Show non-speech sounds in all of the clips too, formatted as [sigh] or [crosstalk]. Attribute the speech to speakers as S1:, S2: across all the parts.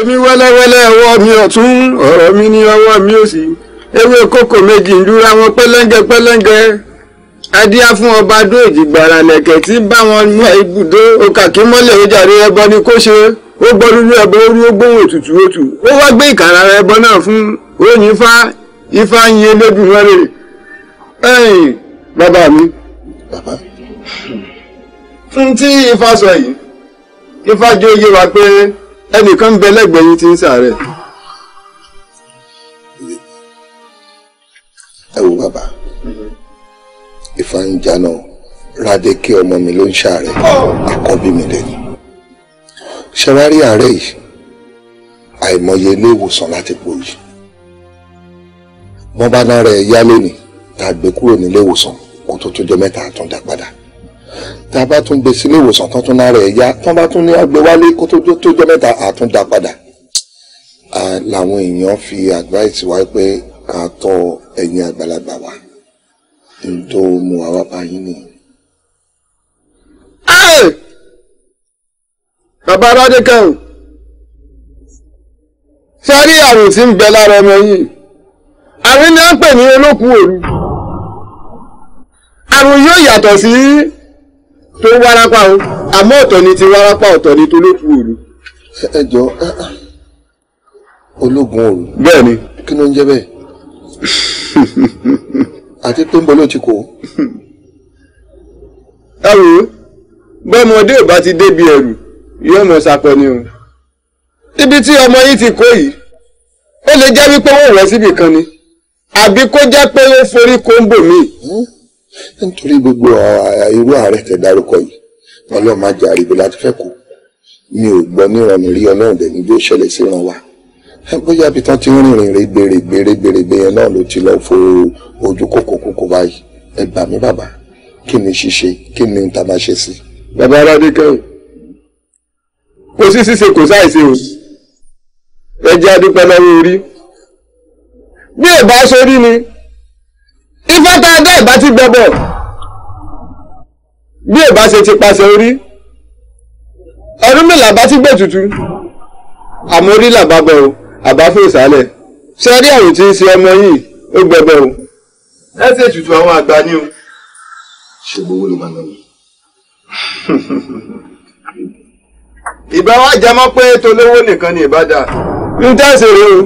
S1: èmi wẹ́lẹ́wẹ́lẹ́ ọwọ́ mi ọ̀tún ọ̀rọ̀ mi ní ọwọ́ mi òsì ewé kókò méjì ń dúra wọn pẹ́lẹ́ngẹ́ pẹ́lẹ́ngẹ́ adíá fún ọba dóòjì gbàrà lẹ̀kẹ̀ tí bá wọn ní ibùdó okàkí mọ́lẹ̀ ojàre ẹbọ ni kó ṣe ó gbọ́ lulú ẹbọ orí ó gbóhùn ètùtù òtù ó wá gbé ìkàrà ẹbọ náà fún oyin ifá ifá yin elédùnmọ́rè
S2: ẹ̀yìn bàbá mi. bàbá tí ifá sọ yìí ifá jó yé wa pé ẹnìkan ń bẹ lẹ́gbẹ̀ẹ́ yín tí ń ṣàárẹ̀. ẹ wo bàbá Ifá ń jáná Ládékè ọmọ mi ló ń ṣàárẹ̀ àkọ́bí mi lẹ́nu ṣẹwárí àárẹ̀ yìí àìmọye ilé ìwòsàn láti pò yìí wọ́n rẹ̀ yá lónìí tá a gbé kúrò nílé ìwòsàn kó tó tó jẹ́ mẹ́ta àtúndà padà tá a bá tún gbé sílé ìwòsàn tán tún náà rẹ̀ yá tán bá tún ní agbe wálé kó tó jẹ́ mẹ́ta àtúndà padà làwọn èèyàn fi advice wá pé ká tọ́ ẹ̀yin àgbàlagbà wa n tó mú wa wá báyìí nìyí.
S1: bàbá aládé kan a rí àrùn tí ń bẹ lára ọmọ yìí àrùn ni à ń pè ní olókùn òru àrùn yóò yàtọ̀ sí. Si tó wárápá o àmọ́ ọ̀tọ̀ ni ti wárápá ọ̀tọ̀ ni tolókù òru. ẹ jọ
S2: ológun òru. bẹ́ẹ̀ ni. kí ló ń jẹ́ bẹ́ẹ̀. [laughs] àti pé ń bọ́ ló ti kó. ẹ wò ó bọ́mọdé ò bá ti débi ẹ̀rù yóò mọ̀ sapọ̀ ni o. ibi tí
S1: ọmọ yìí ti kó yìí ó lè jẹ́ wípé wọ́n wọ̀ síbì kan ni àbí kó jẹ́ pé ó forí kóńbò míì
S2: nítorí gbogbo irú ààrẹ tẹ dárúkọ yìí ọlọ́run máa jẹ àríbó láti fẹ́ kú mi ò gbọ́ nírọ̀nù rí ọlọ́run dẹ̀ ní bí ó ṣẹlẹ̀ sí ràn wá bóyá ibi tán ti ń rìnrìn rè gbèrè gbèrè gbèrè gbèrè náà ló ti lọ fo ojú kòkó kòkó báyìí ẹ gbà mí bàbá kí ni ṣíṣe kí ni ta máa ṣe sí. bàbá aládékẹ́ o kò sí ṣíṣe kò sáìṣe o
S1: ẹ jẹ́ adúpẹ́ lọ́wọ́ orí bí ò bá sórí ni ifá tá a dá ìbá ti gbẹbọ bí ìbá ṣe ti pàṣẹ orí ọdún mélòó àbá ti gbẹ tutù àmọ́
S2: orí làbá bọ o àbá fò sálẹ̀ ṣe rí àwọn tí ń ṣe ọmọ yìí ó gbẹbọ o. ẹ ṣe tutù àwọn àgbà ni o. ṣùgbọ́n owó ló máa ná mi. [laughs] ìbá wa jẹmọ́ pé tolówó nìkan ni ìbá
S1: dà. ń tẹ̀sí rẹ o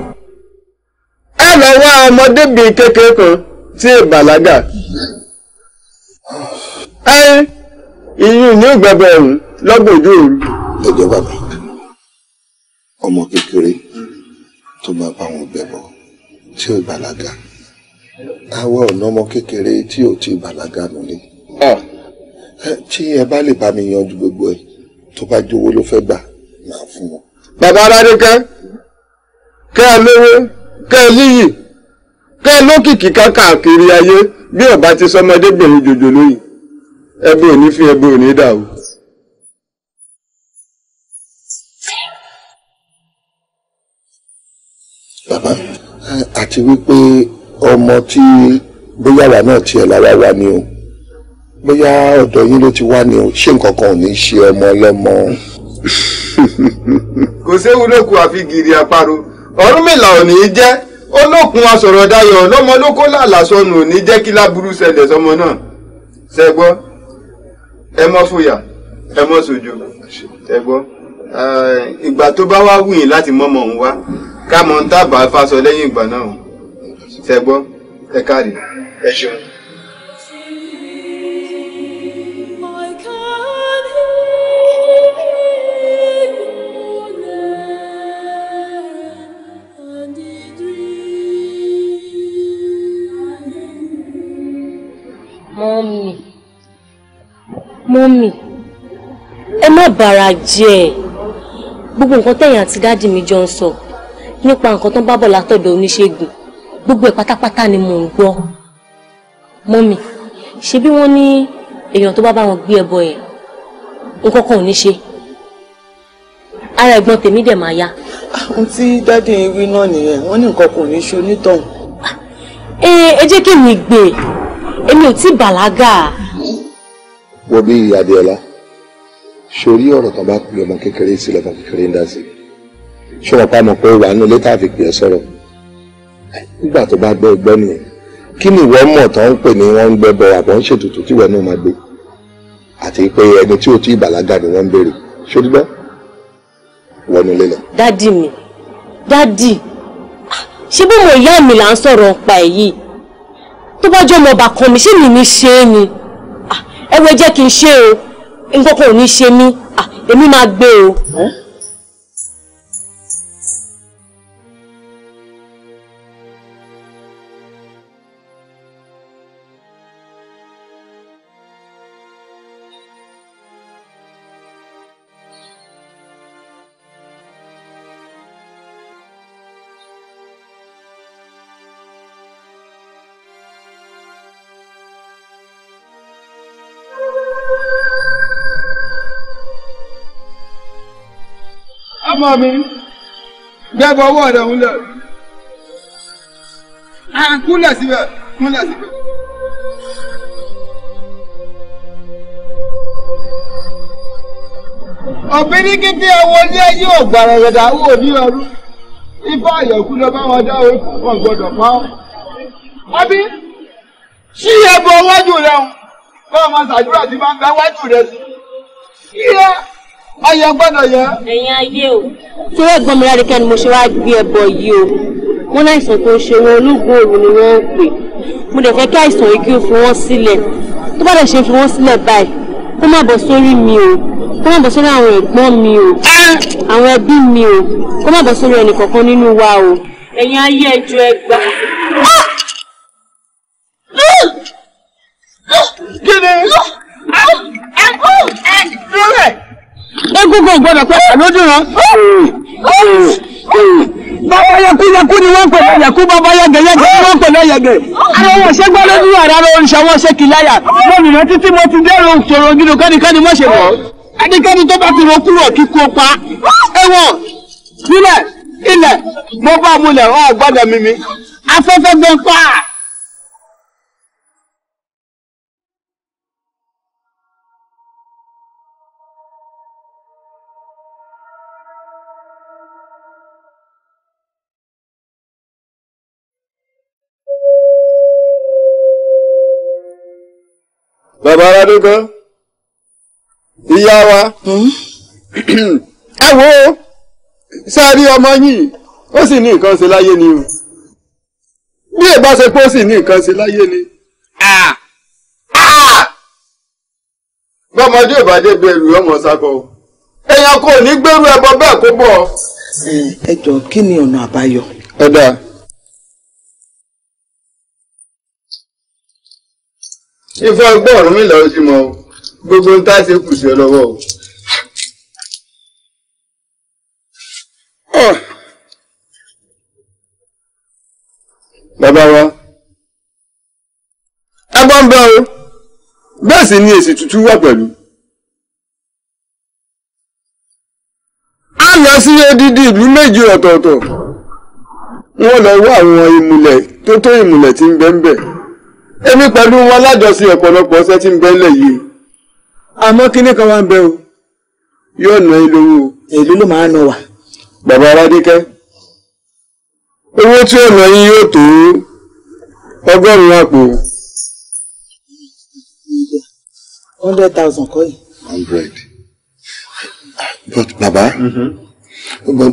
S1: ẹ lọ wá ọmọdébìnrin kékeré kan tí è bàlágà ẹ
S2: ìyún ní ìgbẹ́bẹ̀ ẹ̀rù lọ́gbọ̀dú òru. lọ́jọ́ bàbá ọmọ kékeré tó bá bá wọn bẹ̀bọ̀ tí ò bàlágà àwa ọ̀nà ọmọ kékeré tí ò ti bàlágà nílé tí ẹ bá lè bá mi yanjú gbogbo ẹ tó bá jówó ló fẹ́ gbà
S1: máa fún wọn. bàbá aládé kẹ́ kẹ́ ẹ lówó kẹ́ ẹ líyì kẹ́ lókìkí
S2: káàkiri ayé bí ọba ti sọmọdébìnrin jòjò lóyìn ẹbí ò ní fi ẹbí ò ní dà o. bàbá àti wípé ọmọ tí bóyá wà náà tiẹ̀ lára wa ni o bóyá ọ̀dọ̀ yín ló ti wá ni o ṣé nǹkan kan ò ní ṣe ọmọ ọlọ́mọ. kò séwu lókun àfi gìrì àparò ọ̀rúnmìlà ò ní í jẹ́ olókun asọ̀rọ̀ dayọ̀ lọ́mọ lókó làlà sọnù ní jẹ́ kí láburú ṣẹlẹ̀ sọmọ náà ṣẹ gbọ́ ẹ mọ́ fòyà ẹ mọ́ sojú ṣẹ gbọ́ ìgbà tó bá wá wùyìn láti mọ́mọ́ òun wá ká mọ̀ ń tábà fásọ lẹ́yìn ìgbà náà ṣẹ gbọ́ ẹ káàrí
S3: ẹ ṣeun.
S4: mọ́mì ẹ má bàrà jẹ́ gbogbo nǹkan tẹ̀yìn àti dáàdì mi jọ ń sọ nípa nǹkan tó ń bá bọ̀ látọ̀dọ̀ oníṣègùn gbogbo ẹ̀ pátápátá ni mò ń gbọ́ mọ́mì ṣe bí wọ́n ní èèyàn tó bá bá wọn gbé ẹbọ yẹn nǹkan kan ò ní ṣe ara ẹ̀gbọ́n tèmi dẹ̀ máa yá.
S1: ohun tí dáàdì ń wí náà
S4: nìyẹn wọ́n ní nǹkan kò ní ṣe onítọ̀hún. ẹ ẹ jẹ́ kí mi gbé e. èmi ò tí bàlágà
S2: wọ bí Adéọlá sórí ọ̀rọ̀ tán bá pè ọmọ kékeré sílẹ̀ ọmọ kékeré ń dá sí ṣé wọn pa mọ̀ pé wà nínú létà fi pè ẹ́ sọ̀rọ̀ nígbà tó bá gbọ́ ẹgbẹ́ nìyẹn kí ni ìwọ mọ̀ tán ń pè ní wọ́n ń gbẹ́ bọ̀ àbọ̀ ń ṣètùtù tí ìwọ náà máa gbé àti pé ẹni tí ò tí ì bàlágà ni wọ́n ń béèrè ṣó dígbọ́ wọnú ilé lọ.
S4: dádì mi dádì ṣé bí mo ìyá mi là ń sọ̀rọ̀ ọ̀pá ẹ̀ yìí tó bá jọ́ ọmọ ọba kan mi ṣé mi ní ṣe é ni ẹ wo jẹ́ kí n ṣe o nǹkan kan ò ní ṣe mí èmi máa gbé o.
S1: ọmọ mi gbẹ́bọ̀ ọwọ́ rẹ̀ ń lọ. à ń kúnlẹ̀ síbẹ̀ kúnlẹ̀ síbẹ̀. òbí ní kété ẹwọ ní ẹyí ògbà rẹ̀rẹ̀dà wò ní ọdún ifá àyẹ̀kú ló bá dá orí fún wọn gbọdọ̀ pa ọ́. ṣí wájú rẹ̀ ṣàdúrà tí
S4: ń ayé gbọ́dọ̀ yẹ. ẹ̀yin ayé o. torí ẹ̀gbọ́n mi ládìkẹ́ ni mo ṣe wáá gbé ẹbọ yìí o wọ́n láìsàn tó ń ṣe wọn olóògùn òru ni wọ́n ń pè mo dẹ̀ fẹ́ kí àìsàn yìí kí o fi wọ́n sílẹ̀ tó bá dẹ̀ ṣe fi wọ́n sílẹ̀ báyìí kó má bọ̀ sórí mi o kó má bọ̀ sórí àwọn ẹ̀gbọ́n mi o àwọn ẹbí mi o kó má bọ̀ sórí ẹnìkankan nínú wa o. ẹ̀yin ayé ẹjọ́ ẹ gbà. kí ni? ẹ kú ẹ
S1: dúró rẹ̀ egungun gbọ́dọ̀ pẹ lójú rán bàbá yakuyaku ni wọ́n pẹlẹ yaku bàbá yẹgẹyẹgẹ ni wọ́n pẹlẹ yẹgẹ àwọn wọn ṣe gbọ́dọ̀ ní yàrá rẹ oníṣẹ wọn ṣe kìláyà lónìí títí mo ti dẹrọ òṣòro gídùn kẹ́nikẹ́ni mọ ṣe mọ ẹnikẹ́ni tó bá ti ro kúrò kíkú pa ẹ̀wọ̀n sílẹ̀ ilẹ̀ mo bá mulẹ ọ gbọ́dọ̀ mímí afẹ́fẹ́ gbẹ pa. bàbá Aládégún ìyá wa hmm? ẹ wo sáré ọmọ
S2: yìí ó sì ní nǹkan ṣe láyé ni o bí èbá ṣe pé ó sì ní nǹkan ṣe láyé ni bọ́mọdé ìbàdé bẹ̀rù ọmọ sákọ èèyàn kò ní gbèrú ẹbọ bẹ́ẹ̀ kó bọ̀.
S1: ẹ jọ kí ni ọ̀nà àbáyọ. ẹ dáa
S2: ifọ̀ ọgbọ́n ọ̀run mi lọ́ọ́ sí mọ́ gbogbo ń tá ṣe kù sí ọ o. bàbá wa agbọ́n ń bẹ o bẹ́ẹ̀ sì ni èsì tuntun wà pẹ̀lú. a lọ sí odidi ìlú méje ọ̀tọ̀ọ̀tọ̀ wọ́n lọ wá àwọn ìmùlẹ̀ tó tó ìmùlẹ̀ tí ń bẹ ń
S1: èmi pẹ̀lú wọn lájọsìn ọ̀pọ̀lọpọ̀ ọ̀sẹ̀ tí ń bẹ lẹ̀ yìí àmọ́ kíní kan wá ń bẹ o yóò ná ìlú o. èlú ló máa ń nà wá. bàbá aládékẹ́ owó tí yín yóò tó
S2: but baba.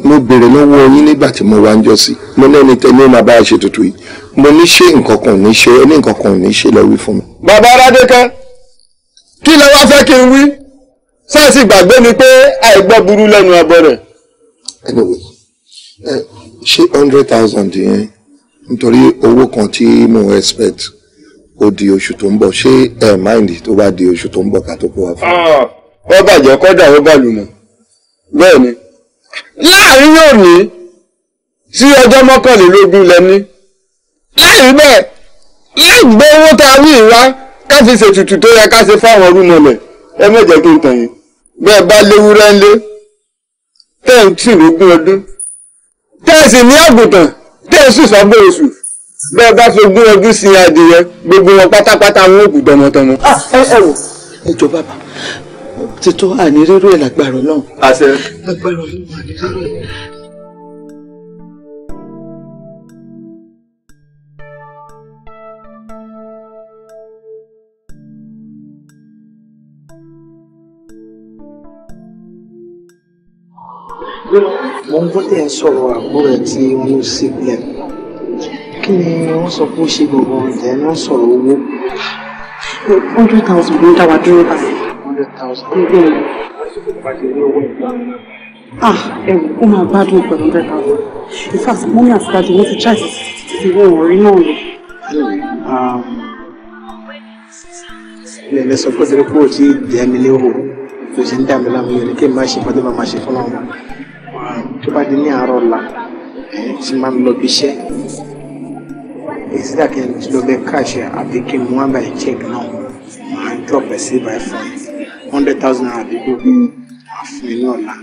S2: mo béèrè lọ́wọ́ yín nígbà tí mo wá ń jọ sí mo lẹ́ni tẹ́lẹ̀ máa bá a ṣe tuntun yìí mo ní ṣe nǹkan kan ní ṣe ẹni nǹkan kan ní ṣe lọ wí fún mi.
S1: bàbá aládékẹ́ kí lẹ wá fẹ́ kí n wí sẹ́ẹ̀sì gbàgbé ni pé àìgbọ́ burú lẹ́nu ẹbọ rẹ̀.
S2: ṣé hundred thousand yẹn nítorí owó kan tí mo expect ó di oṣù tó ń bọ̀ ṣé ẹ̀ mind tó bá di oṣù tó ń bọ̀ ká kó wa fún mi. Ah, ó bàjẹ́ kọ́dà ó bàlùmọ̀ bẹ́ẹ̀ ni láàrin òní
S1: sí ọjọ́ mọ́kànlélógún lẹ́ni láì bẹ́ẹ̀ láì gbé owó tá a wí wá ká fi ṣètùtù tó yẹ ká ṣe fáwọn orúmọlẹ̀ ẹ má jẹ́ kí n tàn yín bẹ́ẹ̀ bá léwúrẹ́ ńlé tẹ́ ń tì lógún ọdún tẹ́ ẹ sì ní àgùntàn tẹ́ ẹ sì sọ́gbọ́ oṣù bẹ́ẹ̀ bá fi ogún ọdún sin adìyẹ gbogbo wọn pátápátá wọn ò kù tọmọtọmọ. Ah, ẹ wò ẹ jọ bàbá ti tó àní rírú ẹ̀ lágbára Ọlọ́run. àṣẹ. lágbára Ọlọ́run àní rírú ẹ̀. mo ń gbọ́dọ̀ ẹ̀ sọ̀rọ̀ àbúrò tí mo sì lẹ̀ kí ni wọ́n sọ pé ó ṣe gbogbo ọ̀dẹ̀ ni wọ́n sọ̀rọ̀ owó. hundred thousand ló ń dá wa dúró báyìí hundred ah ẹ ó máa gbádùn pẹ̀lú hundred thousand in fact mọ́mí àti dájú wọ́n ti try ti wọ́n orí náà lọ. Um, lẹ́lẹ́ sọ pé tẹ́lẹ̀ kúrò tí ìdíyà mi léwu tó ṣe ń dàbí láàmú yẹn kí n máa ṣe pàtó máa ṣe fún ọmọ um, tó bá di ní àárọ̀ ọ̀la tí máa ń lọ bí iṣẹ́ ìsídà kí n lọ bẹ káàṣì àbí kí n mú àbáyé check now. máa drop ẹ̀ sí báyìí fún hundred thousand naira dídó àfún hmm. mi ní ọ̀la.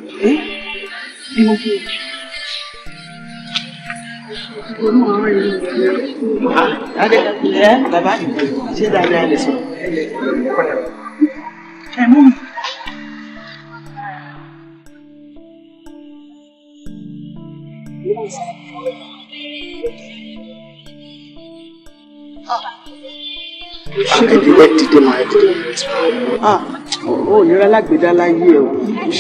S1: Eh? Bàbá ṣé dáadáa lè sọ?
S4: Ẹ mú mi.
S3: Thank ah. you ẹ ah, dìde máa ẹ dìde.
S1: ò nira lágbèdá láyé ẹ o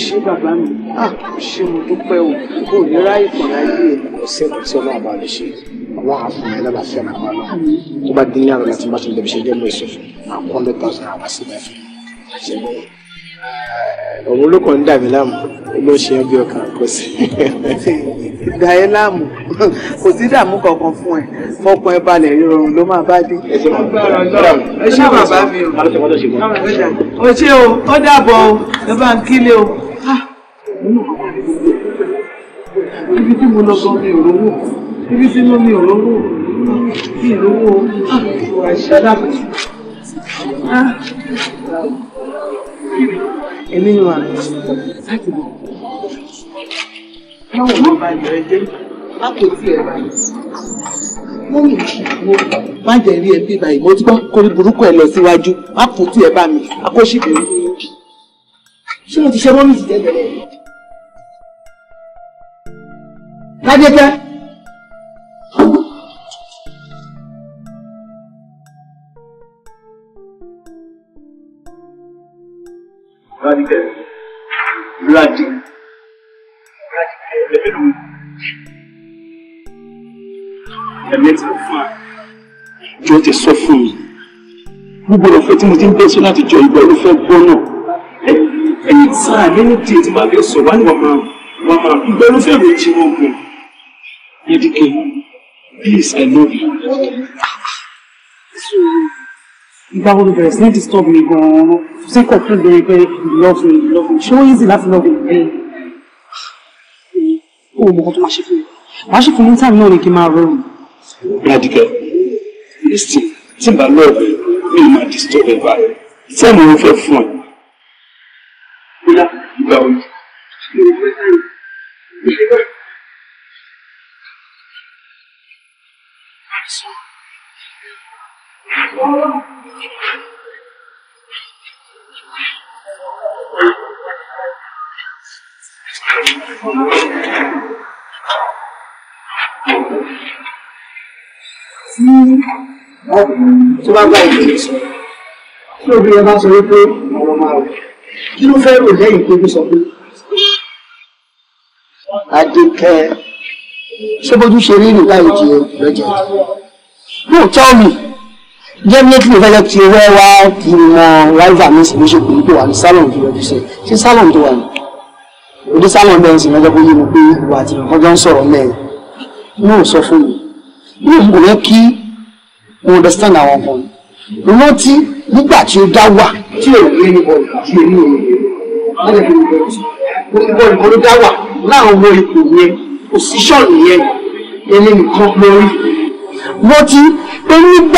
S1: ṣé bàbá mi ah, ṣé mo dúpẹ́ o ò nira ìtàn láyé ẹ. ọ̀sẹ̀ kò tí ọlọ́run bá lè ṣe àwọn àfihàn ẹ̀ lálàáfíà náà wà náà tó bá dín ní àrùn láti bá tó lè ṣe jẹ́ mọ́ ìsọ̀fún àkọ́ńdẹ́tà ọ̀sán àwọn àṣìbẹ̀fẹ̀ ṣẹ́gbẹ́ òun ló kàn ń dà mí láàmú ló ṣe ọbẹ ọkàn kò sí. dà ẹ́ láàmú kò sí dààmú kankan fún ẹ fọkàn ẹ balẹ̀ ìrọ̀rùn ló máa bá dé. ẹ ṣé bàbá mi o ò ṣe o ó dàbọ̀ o ẹ bá ń kílé o. Ah. ibi tí mo lọ gan mi ò rówó ibi tí mo mi ò rówó mi ò rówó o. Ah èmi ni màá láti lè. báwo ló bá yẹrẹ jẹ má kò tí ẹ báyìí mo ní mo má jẹ rí ẹbí báyìí mo ti bá kórí burúkú ẹ lọ síwájú má kò tí ẹ bá mi akóṣì bèrè ṣé mo ti ṣe mọ́mí ti jẹ́ bẹ̀rẹ̀. ládékẹ́.
S3: tẹ̀lé ìrìnàjò ẹ̀mí ló ń ẹ̀mí tí fún wa.
S1: jọ ti sọ fún mi gbogbo ọ̀fẹ́ tí mo ti ń bẹ́ sọ láti jọ ìgbà ló fẹ́ náà ẹni tí a lẹ́nu di ètò bá fẹ́ sọ wá ní wàmà wàmà ìgbà ló fẹ́ rò jí wọn gùn yẹ́díkẹ́ please I love you ìgbà wo ló bẹ̀rẹ̀ disturb me. Go. an say kò tún lórí love me love me ṣé ó easy láti love me bẹ́ẹ̀ ó mọ̀ kó tó máa ṣe fún mi wàá ṣe fún mi táìmù náà ni kí n máa rọrùn. Ládìkẹ́ listen tí bá lọ́ọ̀bù mi máa disturb ẹ̀ báyìí sẹ́ni mo fẹ́ fún ẹ.
S3: bóyá ìgbà wo ló ń tó bá gbà ìdílé sọ tí obìnrin bá sọ wípé àwọn máa rò kí ló fẹ́
S1: rò lẹ́yìn pé ó sọ pé adékẹ́ ṣé bójú ṣe rí rí láì jẹ lọ́jà yìí no tell me definitely fẹ́lẹ́ ti wẹ́ wá kí n mọ rival mi sì ní ṣe salon fi yọjú sí ṣé salon tó wà ní òde salon bẹ́ẹ̀ sì lọ́jọ́ pé yé mi pé ìwà àti ìrànlọ́jọ́ ń sọ̀rọ̀ mẹ́rin ní ò sọ fún mi ní òun kò yẹ kí mo understand àwọn ọmọ mi rántí nígbà tí ó dá wà tí ò rí ní bọ́ọ̀lù tí èmi ò rí lọ́jọ́ pé
S3: mo bọ́ọ̀lù kan ló dá wà
S1: láwọn ọmọ ipò yẹn òṣìṣọ́ yẹn ẹni nìkan lórí rántí pé nígb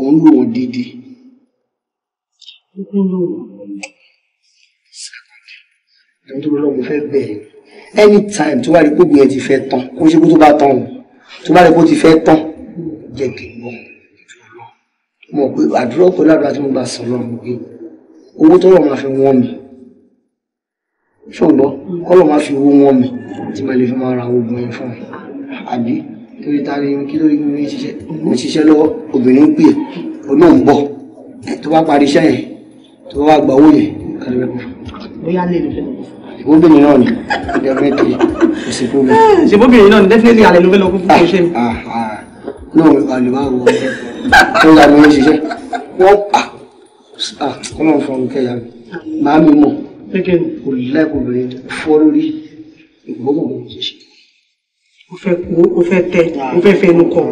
S1: òun lò wọ́n dídí. ẹni tó lọ́wọ́ mo fẹ́ bẹ̀rẹ̀ anytime tó bá rí pé obìnrin ti fẹ́ tán kó ṣe kó tó bá tán o tó bá rí pé ó ti fẹ́ tán jẹ́ kí n bọ̀ mọ̀ pé àdúrà pẹ̀lú àdúrà tí mo gbà sọ lọ́rùn pé owó tó lọ́ọ́ máa fi wọ́n mi ṣùgbọ́n kọ́ lọ́ọ́ máa fi owó wọ́n mi tí mo lè fi máa ra oògùn yẹn fún mi àbí kiri ta ni kí ló ń ṣiṣẹ́ mo ń ṣiṣẹ́ lọ́wọ́ obìnrin ń pè é òun náà ń bọ̀ tó bá parí iṣẹ́ yẹn tó bá gba owó yẹn kálí bẹ́ẹ̀ kọ́. bóyá lè lò fẹ́ lọ. ìbóbìnrin náà ni definitely kò sí problem. ìbóbìnrin náà ni definitely alẹ́ ló fẹ́ lọ kó fún ah, iṣẹ́ mi. Ah, ah. náà alẹ́ máa wọ ọ́ ń ga mi ń ṣiṣẹ́ wọ́n ọlọ́run fún mi kẹ́yà mi màá mi mọ̀ kò lẹ́kọ̀ọ́ fọ́ lórí ìgbọ́mọ̀ mi ń ṣiṣẹ́ o fẹ́ o tẹ o fẹ́ fẹ́ inú kọ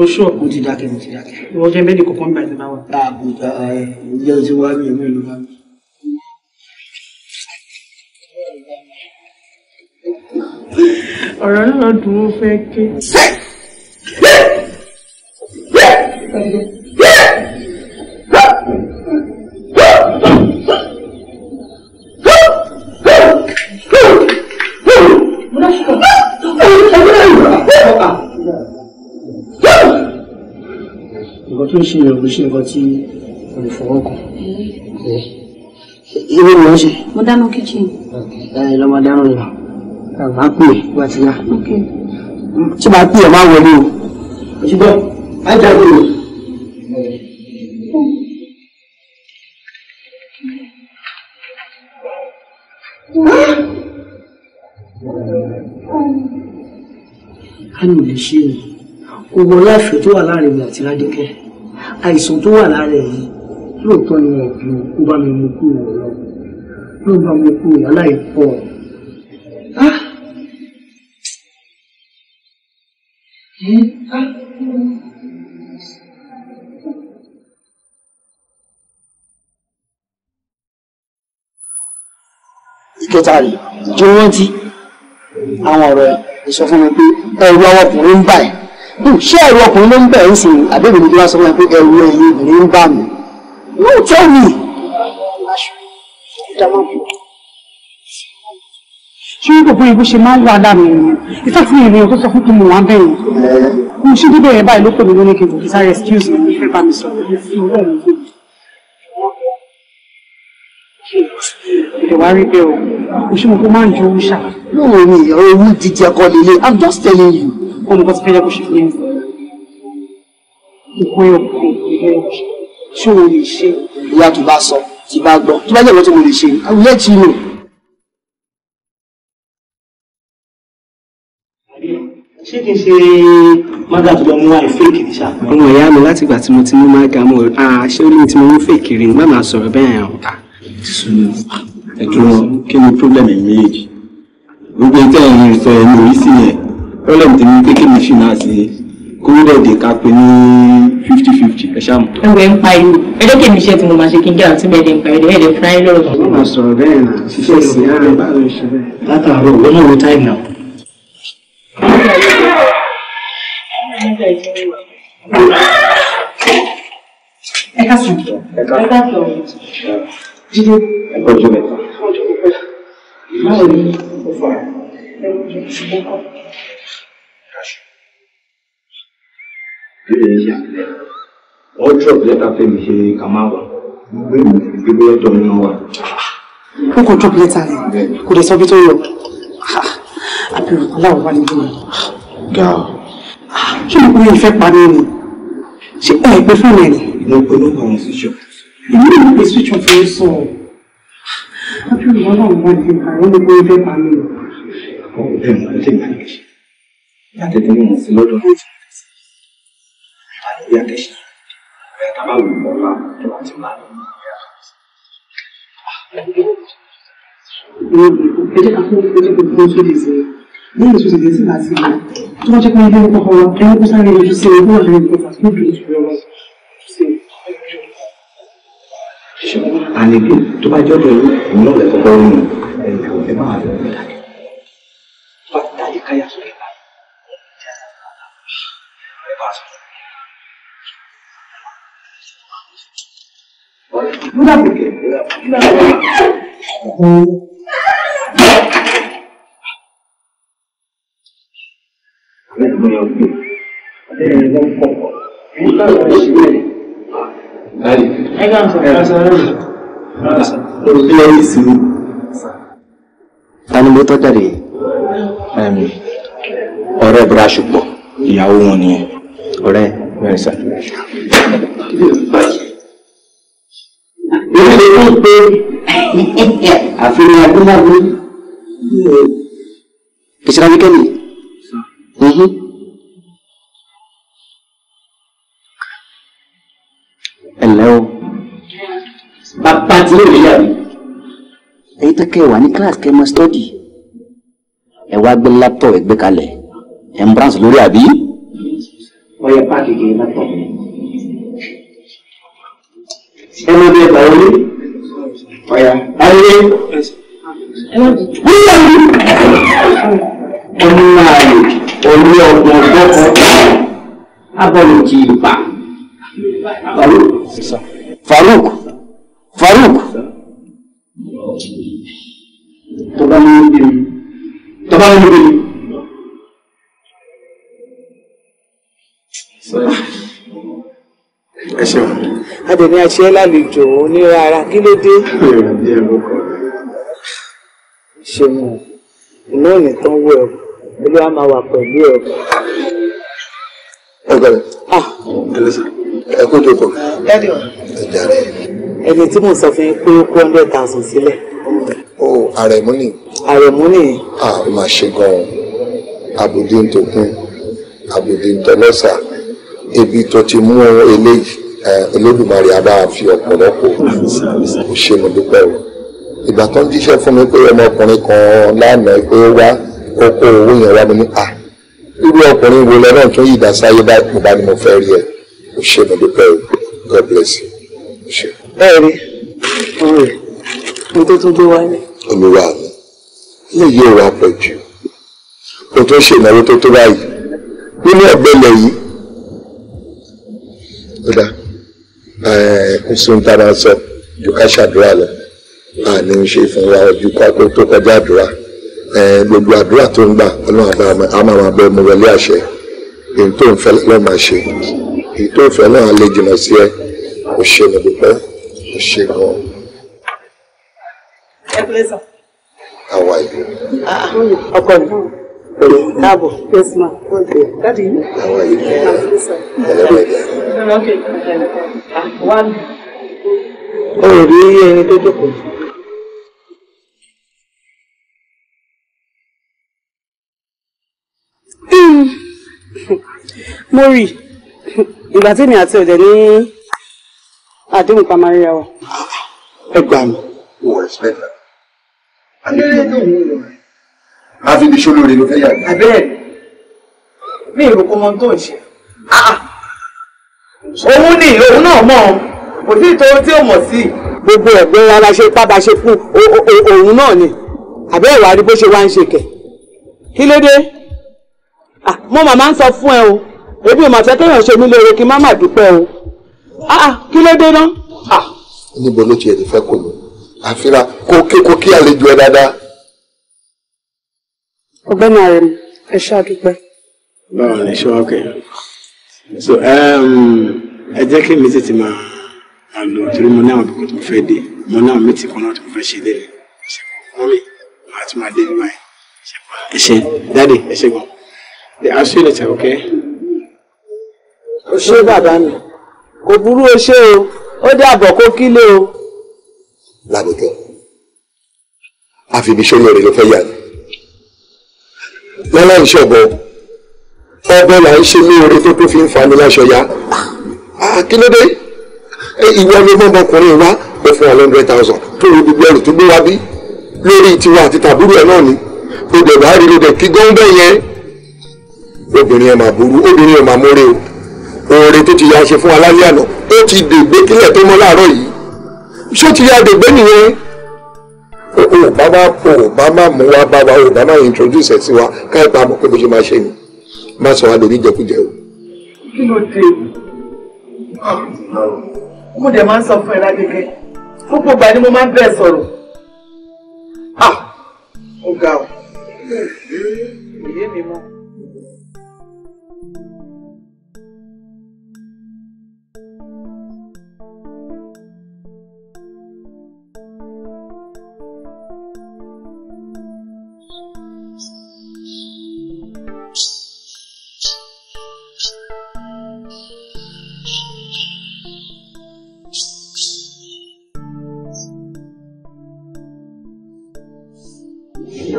S1: o sọ mo ti dákẹ́ mo ti dákẹ́ ìwọ jẹ mẹni kọkọ ń bàjẹ́ báwa. ààbò ẹ ǹjẹ́ o ti wá mi ìwé ìlú wa.
S3: ọ̀rọ̀ náà dùn fẹ́ ké. Thank you.
S1: nǹkan tó ṣe ìrọ̀rùn ṣe nǹkan tí o lè fọwọ́ kàn.
S3: Eh.
S1: Eh. Ilé mi ń ṣe. Mo dáná kíchìn. Ẹ lọ́mọ dáná ni. Ah. Màá pè é wá ti yá. Tí màá pè é máa wọlé o. Òṣìbọ́, á jà lóyè. Kánò lè ṣe é. Gbogbo ọlá ìfẹ́ tó wà láàrin mi àti Ládékẹ́ àìsàn tó wà lára ẹ̀ yìí lóòótọ́ ni wọn fi kó bá mi mú kúrò lọ ló bá mú kúrò láì pọ̀ ìkẹta rẹ̀ jẹ́ wọ́n ti àwọn ọ̀rọ̀ ẹ̀ sọ fún mi pé ẹ̀rù àwọn ọkùnrin ń bà ṣé ẹ̀rù ọkùnrin ló ń bẹ̀ ń sìn àbẹ̀bí mi wá sọ fún ẹ pé ẹ̀rù ẹ̀yìn obìnrin ń bà mí no tell me. ṣé gbogbo ìbú ṣe máa ń wá dà mí nìyẹn ìfẹ́ fún ìrìn tó sọ fún kí mo wá bẹ̀ yẹn mo ṣe dídẹ̀ yẹn báyìí ló pè mí lónìí kí n kò fi sáré excuse me ìfẹ́ bá mi sọ ìwárí bẹ́ẹ̀ o kò ṣe mo kó máa ń ju owó ṣá. lóòrè ni ìyàwó ewu jíjẹ kọ́ lélẹ̀ i'm just telling you olùkọ́síkẹ́yà kò ṣe fún yẹn nǹkan yẹn kò yẹ ṣé o lè ṣe. ìyá tó bá sọ tí ṣé kí ṣe mága tó lọ mú àì ṣáà. ọmọ ìyá mi láti ìgbà tí mo ti mú mága mo à ah, ṣé ó ní tí mú sọ̀rọ̀ bẹ́ẹ̀ hàn. Ah, ẹ kí ni pírọ́blẹ̀mù méjì gbogbo ìtẹ́ ẹ̀yìn ìsọ ẹ̀mí orí sí yẹn problem tèmi pé kí mi ṣì náà ṣe kórílẹ̀-èdè ká pé ní fifty fifty ẹ ṣáà mọ̀. ẹgbẹ́ ń pa ìlú ẹjọ́ kèmí iṣẹ́ tí mo máa ṣe kí n gé àti mẹ́ẹ̀dẹ̀ ń pa ìlú ẹ̀ẹ́dẹ̀ fúnra yín lọ́rọ̀. mo máa sọ̀rọ̀ bẹ́ẹ̀ nà ṣiṣẹ́ sí ààrẹ báwo ṣe bẹ́ẹ̀. látàárọ̀ wọ́n náà wo time now.
S3: ẹ ká sùn ẹ ká sùn jíde. ẹ kọjú mẹ́ta. báwo ni ṣùgbọ́n kọ́. eléyìí àlẹ́
S1: ọjọ́ lẹ́tà fẹ́mi ṣe kà máa wà gbé gbogbo ẹ̀tọ́ mi wà. ó kàn drop letter rẹ kò dé sọ bí tó yọ àbẹ̀rù aláwọ̀ wà nínú rẹ̀ ga ṣé mo kún ìfẹ́ pa mí ni ṣé ẹ pé fún mi ni. mo pe ló bá wọn sí ṣọ. èmi náà mo switch off yẹn sọ àbẹ̀rù aláwọ̀ wà nínú rẹ̀ ó ní ìfẹ́ pa mí ni. ọ̀rọ̀ bẹ́ẹ̀ mo lè
S3: máa ń gbé látẹ̀tẹ̀ mi ò sí lọ́dọ̀ ya kashe ta ba mu mona ta ba ta ma ẹ jẹ́ ká fún ẹ jẹ́ kó fún sóde sí i ní ìsú tètè sí màá sí i tó wọ́n jẹ́ pé ilé ọkọ̀ wa ẹni kó sáré ojú sí i wọ́n rẹ̀ ń pẹ̀lú àti Oh.
S1: Tani mo tọ́ jáde ọ̀rẹ́ ìbúra ṣùgbọ́n ìyàwó wọn nìyẹn ọ̀rẹ́ mẹ́rin sá
S3: èmi lè tún pé àfihàn abúlábí ìṣẹ́ra wíkẹ́ ni.
S1: ẹ̀lẹ́ o bàbá tí ó lè yà mí. èyí tó kẹ́ ẹ̀ wà ní kíláàsì kẹ́ ẹ máa stọ́dì ẹ wá gbé láptọ̀pù ẹ gbé kalẹ̀ ẹ̀ ń bránsì lórí àbí.
S3: wọ́n páàkì kiri láptọ̀pù ẹnu ní wọlé ọ̀yà ayé wíwáyé
S1: ọmọ ààyè orí ọgbọ̀n ọgbọ́kọ̀ abọ́lùjì ìbà Faruk Faruk
S3: tó ní bí mi tó bá
S1: adẹ̀ni àṣẹ lálejò onírara kí ló dé. ṣeun iná òní tán wọ ẹ olúwa máa wà pẹ̀lú ẹ. ọgbẹ́rẹ́ ẹlẹ́sà ẹ kó jókòó. ẹni tí mo sọ fún yín pé ó kó hundred
S2: thousand sílẹ̀. o àrẹ̀mú nìyí. àrẹ̀mú nìyí. a máa ṣe gan-an àbòdì ń tó kún àbòdì ń tọ́lọ́sà ebi tó ti mú eléyìí Olódùmarè a bá fi ọ̀pọ̀lọpọ̀ kò ṣe mo dúpẹ́ o ìgbà tó ń jíṣẹ́ fún mi pé ọmọkùnrin kan lánàá pé ó wá ó kó owó yẹn wá mi ní à irú ọkùnrin wo lọ́nà tó yí ìdásáyé bá mo bá ní mo fẹ́ rí ẹ kò ṣe mo dúpẹ́ o God bless you. bẹ́ẹ̀ ni ọ̀rẹ́
S1: mi tó tún dé wáyé.
S2: olúwa mi ilé yóò wá pọ̀ jù kò tó ṣe ìnáwó tó tó báyìí nínú ọ̀gbẹ́lẹ̀ yìí. ó dáa. Eh, kò sí ohun tá a máa sọ ju ká ṣàdúrà lọ àní ń ṣe fún wa ju kó tó kọjá àdúrà eh, gbogbo àdúrà tó ń gbà ọlọ́run a máa máa bẹ ọmọ wọlé àṣẹ èyí tó ń fẹ́ lọ́ọ́ máa ṣe èyí tó ń fẹ́ náà lè jìnnà sí ẹ kò ṣe ní dúpẹ́ kò ṣe gan.
S1: ẹ kúlẹ̀ àwa ìlú. ọkọ mi. Káàbọ̀. Yes ma. Okay. Daddy. How are you? I'm good sir. Hello
S3: my Okay, Okay. Ah, one. O ò rí ẹni tó jókòó.
S1: Hmm. Mo rí ìgbà tí mi àti ọ̀jẹ̀ ní àdéhùn pa máa ríra wa. Ẹ gbà mí. Mo respect that. Adé kí ló dé òun rẹ̀? A ibi ṣó lóore ló fẹ́ yàgbé. àbẹ́ẹ̀ mi ì rò pé wọn tó ń ṣe òun ni òun náà mọ̀ kò sí ìtòun tí ò mọ̀ sí. gbogbo ọ̀gbẹ́ wa la ṣe pábà ṣe fún òun náà ni àbẹ́ ìwà rí bó ṣe wá ń ṣe kẹ̀ kí ló dé ah, mo màmá ń sọ fún ẹ o ebi ò mà fẹ́ kéèyàn ṣe mí lóore kí n má má dúpẹ́ o kí ló dé náà. Ah,
S2: níbo ló tiẹ̀ ti fẹ́ kò lọ àfihàn kó kí àlejò ẹ dáadáa
S1: ọ̀gbẹ́ni àrẹ̀mú ẹ ṣáàdúpẹ́. báwo ni ṣé wàá kẹ so um, ẹ jẹ́ kí mi tètè máa àlọ́ torí mo ní àwọn àbùkù tó fẹ́ dé mo ní àwọn mítì kan náà tó fẹ́ ṣe dé rẹ̀ ṣe kò wọ́n mi màá tún máa dé bí báyìí ẹ ṣe dáàdì ẹ ṣe gan the aṣọ ìlẹ̀tẹ̀ ọ̀kẹ́. o ṣé bàbá mi kò burú o ṣé o ó dé àbọ̀ kó kílé o. lábùkẹ́
S2: àfi ibi ṣó lóore ló fẹ́ yà ni lọ́lá ìṣọ̀bọ ọbẹ̀ là ń ṣe ní oore tó tó fi ń fa mi láṣọ ya kí ló dé ìwọ ni mọ́mọkùnrin wa ó fún one hundred thousand tó rí gbogbo ẹrù tó gbé wá bí lórí tiwa àti tàbúrò ẹ náà ni o dẹ̀ wá rí ló dẹ̀ kí gọ́ńbẹ́ yẹn obìnrin ẹ̀ máa burú obìnrin ẹ̀ máa múre o oore tó ti yá ṣe fún alálẹ́ àná ó ti dègbé kílẹ̀ tó mọ́ láàárọ̀ yìí ṣó ti yá dègbé nìyẹn o bá má wa bá wa introduce ẹ sí wa káyọ̀ pa mọ̀ pé bó ṣe máa ṣe ni má sọ wa lè ní jẹkújẹ o.
S1: kí ló dé ah, mo dẹ̀ máa ń sọ fún ẹ lágbègbè púpọ̀ gbà ni mo máa ń bẹ̀ sọ̀rọ̀ ó ga ọ ìyé
S3: mi mọ́.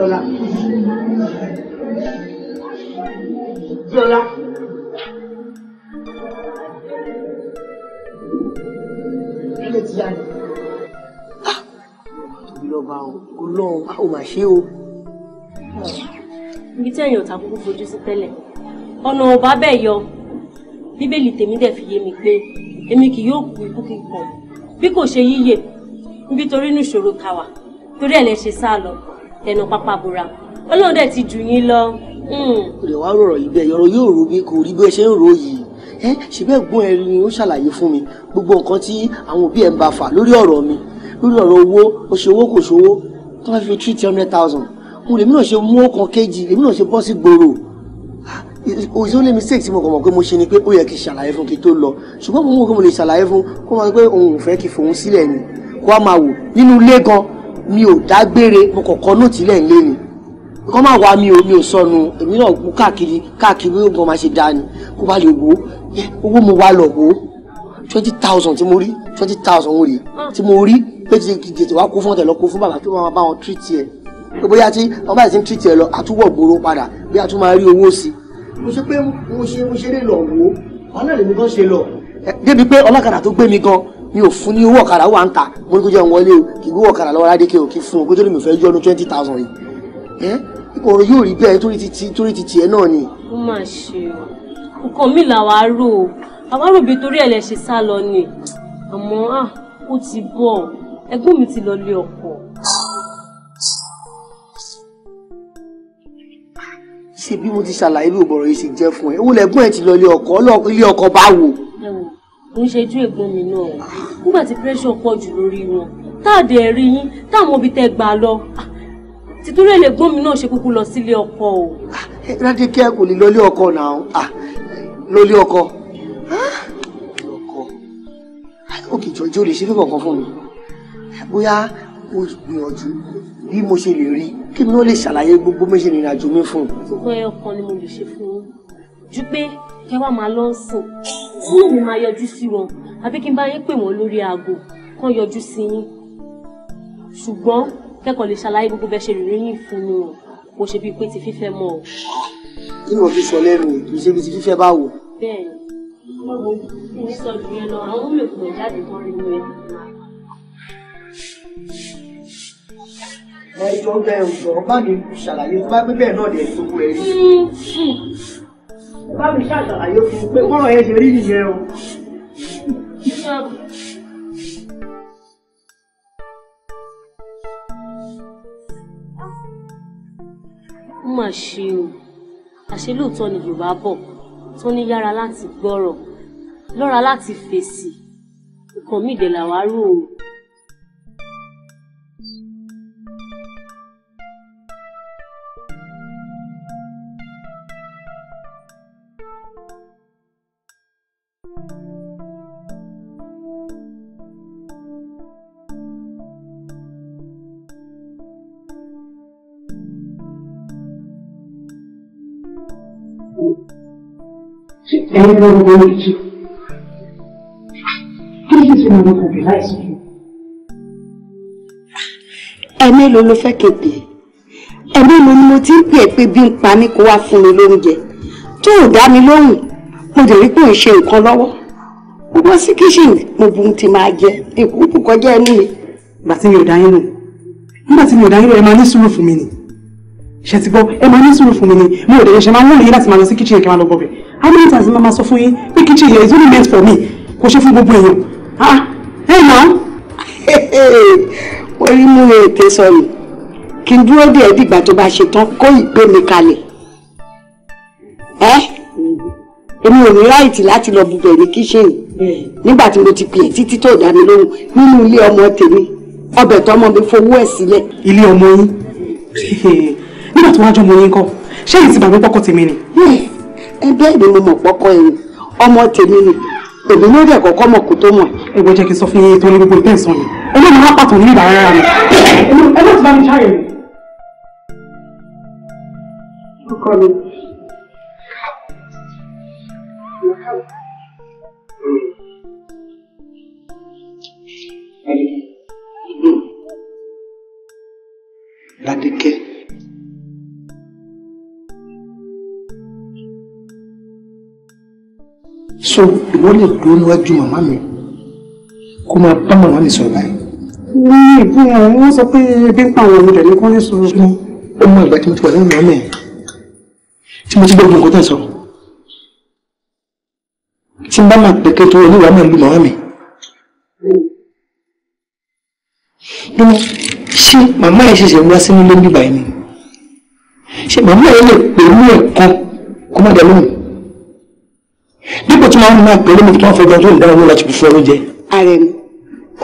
S3: Zola. Zola.
S1: ti ṣe o.
S4: Ibi tí ẹ̀yin ọ̀tá kúkú fojú sí tẹ́lẹ̀. Ọ̀nà ọba bẹ́ẹ̀ yọ. Bíbélì tèmi dẹ̀ fi yé mi pé èmi kì yóò kú ikú kíkan bí kò ṣe yíyè inú ìṣòro lọ. tẹnu pápá bora ọlọ́run dẹ̀ ti jù yín lọ.
S1: rẹ̀ hmm. wá rọ̀rọ̀ yìí bẹ́ẹ̀ yọ̀rọ̀ yóò rò bí kò rí bí ẹ ṣe ń rò yìí ẹ ṣùgbọ́n ẹ̀gbọ́n ẹ ni ó ṣàlàyé fún mi gbogbo nǹkan tí àwọn òbí ẹ̀ ń bá fà lórí ọ̀rọ̀ mi lórí ọ̀rọ̀ owó ó ṣe owó kò ṣòwò tó wá fi three hundred thousand mo lèmi náà ṣe mú ọkàn kejì lèmi náà ṣe bọ́ sí gbòòrò òṣìṣẹ́ ó lé mistake tí mo kàn mọ̀ pé mo ṣe ni pé ó yẹ kí ṣàlàyé fún kí tó lọ ṣùgbọ́n mo mọ̀ pé mo lè ṣàlàyé fún kó máa pé òun ò fẹ́ kí fòun sílẹ̀ ni kó a máa wò nínú ilé gan-an mi ò dágbére mo kọ̀ọ̀kan náà tilẹ̀ ń lé ni kọ́ máa wá mi ò mi ò sọnù èmi náà mú káàkiri káàkiri ó gan máa ṣe dáa ni kó bá lè wò owó mo wá lọ wò twenty thousand tí mo rí twenty thousand wò rí tí mo rí pé ti tètè wá kó fún ọ̀tẹ̀ lọ kó fún bàbá kí wọ́n máa bá wọn treat ẹ̀ pé bóyá tí wọ́n bá ti ń treat ẹ̀ lọ àtúwọ̀ gbòòrò padà bí a tún máa rí owó sí mo ṣe pé mo ṣe mo ṣe lè lọ wò ọ̀nà lèmi gan ṣe lọ. débi pé ọlọ́kadà tó gbé mi gan mi ò fún ní owó ọ̀kadà wà ń ta mo ní kó jẹ́ ń wọlé o kì í gbé ọ̀kadà lọ́wọ́ ládé kí o kì í fún o kó tó lè mi fẹ́ yọ ọdún twenty thousand yìí ẹ́ ọ̀rọ̀ yóò rí bẹ́ẹ̀ torí titi torí titi ẹ̀ náà ni. ó
S4: mà ṣe o nǹkan mi làwa rò o àwa rò bí torí ẹ̀ sá lọ ni àmọ́ à ó ti bọ̀ ẹ̀gbọ́n mi ti lọ lé ọkọ.
S1: ṣé bí mo ti ṣàlàyé bí òbọ̀rọ̀ yìí ṣe jẹ́ fún ẹ owó lẹ́gbọ́n ẹ ti lọ ilé ọkọ ilé ọkọ bá wò
S4: ń ṣejú ẹ̀gbọ́n mi náà o nígbà tí pressure pọ̀ jù lórí wọn táàdì ẹ̀rí yín táwọn òbí tẹ́ gbà lọ tìtúrú ẹ̀lẹ́gbọ́n mi náà ṣe kúkú lọ sílé ọkọ o.
S1: ládé kí ẹ kò ní lọlé ọkọ náà ah, lọlé ọkọ òkè ìjọjú ò lè ṣe kankan fún mi bóyá mo gbìyànjú bí mo ṣe lè rí kí mi náà lè ṣàlàyé gbogbo méjì ìrìn àjò mi fún un. ọkọ
S4: ẹ ọkàn ni mo lè ṣe fún un ju pé kẹ wá máa lọ sùn tí èmi máa yọjú sí wọn àbí kí n bá yín pè wọ́n lórí aago kán yọjú sí yín ṣùgbọ́n kẹ́kọ̀ọ́ lè ṣàlàyé gbogbo bẹ́ẹ̀ ṣe rìnrìn yìí fún mi o kò ṣe bíi pé ti fífẹ́ mọ́ o.
S1: kí ni wọ́n fi sọ lẹ́nu ètò ìṣèlú ti fífẹ́ bá wò.
S4: bẹ́ẹ̀ni ní sọ jù yẹn lọ àwọn mi ò pè jáde tán rí mi. ẹ jọ bẹ́ẹ̀
S1: ọ̀gbọ́n bá mi ṣàlàyé bá bẹ́ẹ̀ náà lè tó rẹ̀ rí. Hmm, hmm bá mi ṣàṣàlàyé fún un pé bọ́rọ̀ yẹn ṣe rí nìyẹn o.
S4: ó mà ṣe o àṣé lóòótọ́ ni Yorùbá bọ̀ tó ní yára láti gbọ́rọ̀ lọ́ra láti fèsì nǹkan míì dẹ̀ làwárò o.
S3: ẹ̀yin ló ń gbórí jù
S1: kí ló ti mú ọkọ̀ rẹ̀ láìsí fún ẹ̀mí ló ló fẹ́ kéde ẹ̀mí ló ni mo ti ń pè é pé bí n pa mí kó wá fún mi lóúnjẹ tó ò dá mi lóhùn mo dẹ̀ rí pé ò ń ṣe nǹkan lọ́wọ́ mo bọ́ sí kíṣìn mo bu ti máa jẹ èkó kò kọjá ẹnu mi. ìgbà tí mi ò dá yín nù nígbà tí mi ò dá yín nù ẹ máa ní sùúrù fún mi nìyí ṣe ti gbọ́ ẹ máa ní sùúrù fún mi ni mi ò lè ṣe máa ń wọlé yín láti máa lọ sí kitchen yẹn kí n máa lọ bọ̀bẹ̀ how many times ni màá sọ fún yín pé kitchen yẹn is only meant for me kò ṣe fún gbogbo èèyàn ah hey now. [laughs] orí mú ètè sọnù kí n dúró dè é dìgbà tó bá ṣe tán kó ìgbé mi kalẹ̀ ẹ́ eh? èmi ò ní ráìtì láti lọ bùbẹ̀ ní kitchen nígbà tí mo ti pè é títí tó dá mi lóhùn nínú ilé ọmọ tèmi ọbẹ̀ tọmọ mi fowó ẹ̀ sílẹ̀. ilé ọmọ yín nígbà tó wájú ọmọ yín kọ́ ṣé èyí ti bàbá pọ́kọ tèmi ni. ẹ bẹ́ẹ̀ ni mo mọ̀ pọ́kọ ẹ̀yìn ọmọ tèmi ni èmi ló dẹ̀ kọ́kọ́ mọ̀ kó tó mọ̀. ẹ gbọ́dọ̀ jẹ́ kí n sọ fún yín tó ní gbogbo ìtẹ̀sán mi olóòmù wá pàtó ní ìdá rárá mi. ẹ ló ti bá mi ṣáyẹ̀ mi. ọkọ mi.
S3: Ládékẹ́.
S1: so ìwọ lè dúró níwájú màmá mi kó máa bá màmá mi sọ̀rọ̀ báyìí. ní ìbí ẹ wọ́n sọ pé ebi ń pa àwọn ọmọdé ní kó ní sọ̀rọ̀. ṣé ó mọ ìgbà tí mo ti wà lẹ́nu màmá ẹ̀ tí mo ti gbọ́ gbogbo tẹ̀ sọ tí n bá máa pèké tó olúwa máa lu màmá mi. ṣé màmá ẹ̀ ṣẹ̀ṣẹ̀ wá sínú lóńgbìbà yìí ni ṣé màmá ẹ̀ lè pè é ní ẹ̀kan kó má dá lóhùn dípò tí wọ́n máa pẹ̀lú mi tí wọ́n fẹjọ́ tó ń dáwọ́ láti fi fún ọ lóúnjẹ. ààrẹ mi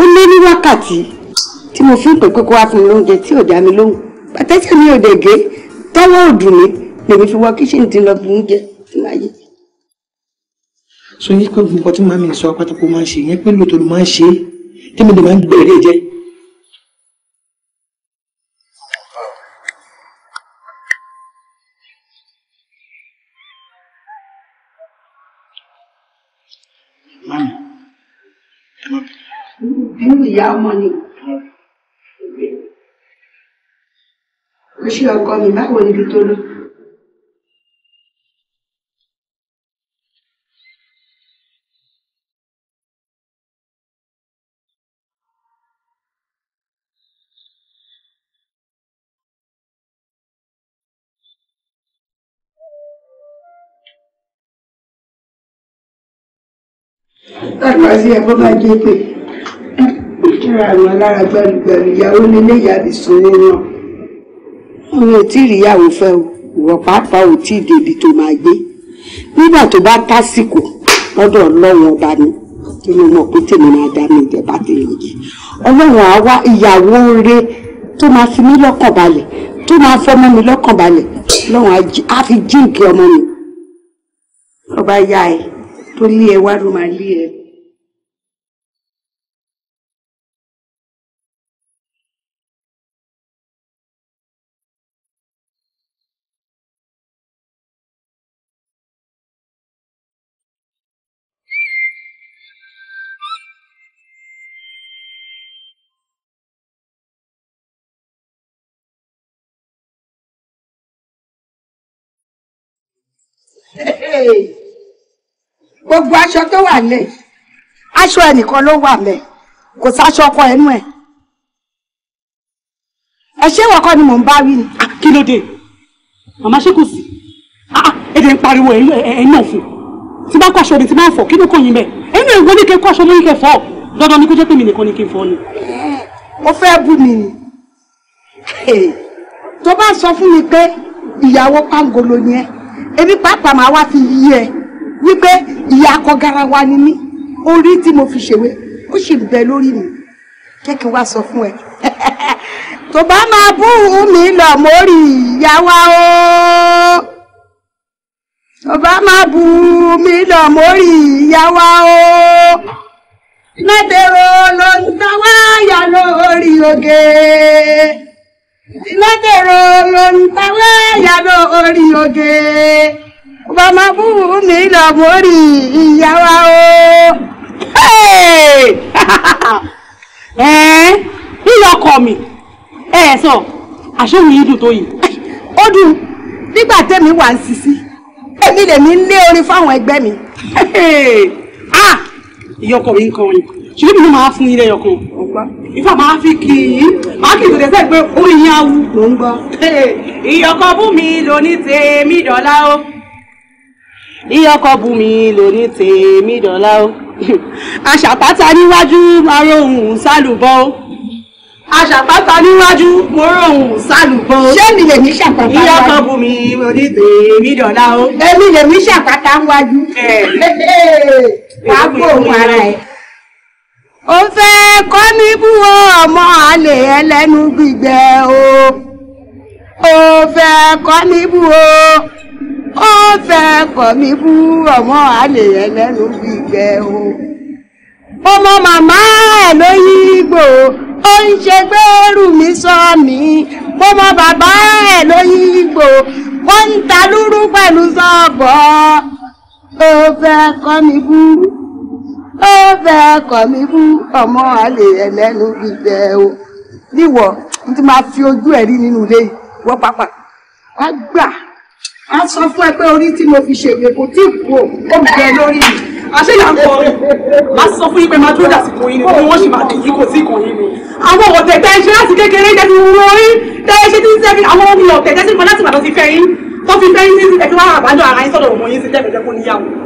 S1: ó lé ní wákàtí tí mo fi ń pè pé kó wá fún mi lóúnjẹ tí ò dá mi lóhùn pàtẹ́tẹ́ mi ò dẹ̀gẹ́ tọ́wọ́ òdùn mi lèmi fi wọ kíṣìn tí ń lọ fi oúnjẹ tí máa yé. sọ yín pé gbogbo tí màmí sọ pátákó máa ń ṣe yẹn pé lóòótọ́ ló máa ń ṣe é tí mo dẹ̀ máa ń gbẹ̀rẹ̀ jẹ́
S3: ìyá ọmọ ni. ó ṣe ọkọ mi báwo níbi tó lọ.
S1: Agora sim, é vontade de ter kíra àwọn alára gbẹrùgbẹrù ìyàwó nílé ìyàbí sunlé náà òun ò tí ì ríyàwó fẹ́ o ìwọ pàápàá ò tí ì débi tó máa gbé nígbà tó bá tásìkò lọ́dọ̀ ọlọ́run ọba ni tí mo mọ̀ pé tèmi máa dá mi ìjọba tèmi yìí ọlọ́run á wá ìyàwó rere tó máa fi mí lọ́kàn balẹ̀ tó máa fọmọ mi lọ́kàn balẹ̀ lọ́run á fi jíǹkì ọmọ mi ọba ya ẹ tó lé ẹ wá ló máa lé ẹ. gbogbo aṣọ tó wà lẹ̀ aṣọ ẹnìkan ló wà mẹ́ kò sáṣọ ọkọ ẹnu ẹ̀ ẹ ṣé wọ́kọ́ ni mò ń bá wí ni. kí ló dé màmá ṣé kò sí èdè ń pariwo ẹ̀yìn náà fún tí bá kọ́ aṣọ òde tí bá fọ̀ kí ló kàn yín bẹ́ẹ̀ ẹ̀yìn èwo ni kẹ́ kọ́ aṣọ lórí kẹfọ́ dandan ni kó jẹ́ pé mi nìkan ni kí n fọ́ ni. ó fẹ́ bú mi ni tó bá sọ fún mi pé ìyàwó pangolo ni ẹ́ èmi pàápàá máa wá fi yí ẹ wípé ìyá akọgarawa ni mí orí tí mo fi ṣèwé ó sì bẹ lórí mi kẹ́kẹ́ wá sọ fún ẹ [laughs] tó bá máa bú mi lọ mórí ìyá wa o tó bá máa bú mi lọ mórí ìyá wa o lẹ́dẹ̀ẹ́rọ ló ń tàwáyà lórí oge. Okay lọ́dẹ̀rọ̀ lọ́ntàwé yàdọ̀ orí oge bàmá búburú ní ìlàbù orí ìyàwó o. ìyọkọ [laughs] mi ẹ ẹ sọ àṣewì yìí dùn tó yìí. ó dùn nígbà tẹ́mi wà ń sisi èmi lèmi ń lé orin fáwọn ẹgbẹ́ mi. Ah! ìyọkọ mi ń kọrin ṣùgbọ́n mi ló máa fún yín lẹ́yọkan. ọgbà ifá máa fi kì í máa kì í tètè sẹ́yìn pé orí yín á wú mò ń gbọ́. ìyọkọ bú mi lóní tèmi dọ́là o ìyọkọ bú mi lóní tèmi dọ́là o [laughs] àṣàpátá níwájú máa rohùn sálùbọ́ o aṣàpáta níwájú mo rọrùn sálùbọ. ṣé mi lè ní ṣàpáta wájú. ìyá kan bù mí onídè mi dọ̀la o. èmi lè ní ṣàpáta wájú. pàápàá òun ara ẹ̀ ó ń fẹ́ kọ́ mi bú ọmọ àlè ẹlẹ́nu gbígbẹ o ó fẹ́ kọ́ mi bú o ó fẹ́ kọ́ mi bú ọmọ àlè ẹlẹ́nu gbígbẹ o ọmọ màmá ẹ̀ ló yí gbò ó ń ṣe gbẹ́rù mi sọ mi ọmọ bàbá ẹ̀ ló yí gbò wọ́n ń ta lúrú pẹ̀lú sọ́ọ̀bọ̀ ó fẹ́ kọ́ mi bú ó fẹ́ kọ̀ mí fún ọmọ àlè ẹlẹ́nu gbígbẹ o níwọ̀ n ti máa fi ojú ẹ̀ nínú ilé ìwọ pápá wá gbà á sọ fún ẹ pé orí tí mo fi ṣègbè kò tí kú o ó bẹ lórí mi. àṣeyà ń kọ a sọ fún yín pé máa dúró dàsìkò yín ni bí ṣì máa dè yín kò sí ìkàn yín ni. àwọn ọ̀tẹ̀ tẹ ẹ ṣe láti kékeré jẹ́ ti wúwo yín tẹ ẹ ṣe ti ń sẹ́bi àwọn omi ọ̀tẹ̀ tẹ ẹ ṣe ti mọ láti bàtọ́ ti fẹ́ yín tó fi fẹ́ yín sí ẹ̀fí wá àbájọ ara yín sọ̀rọ̀ ọmọ yín sí tẹ́fẹ̀ẹ́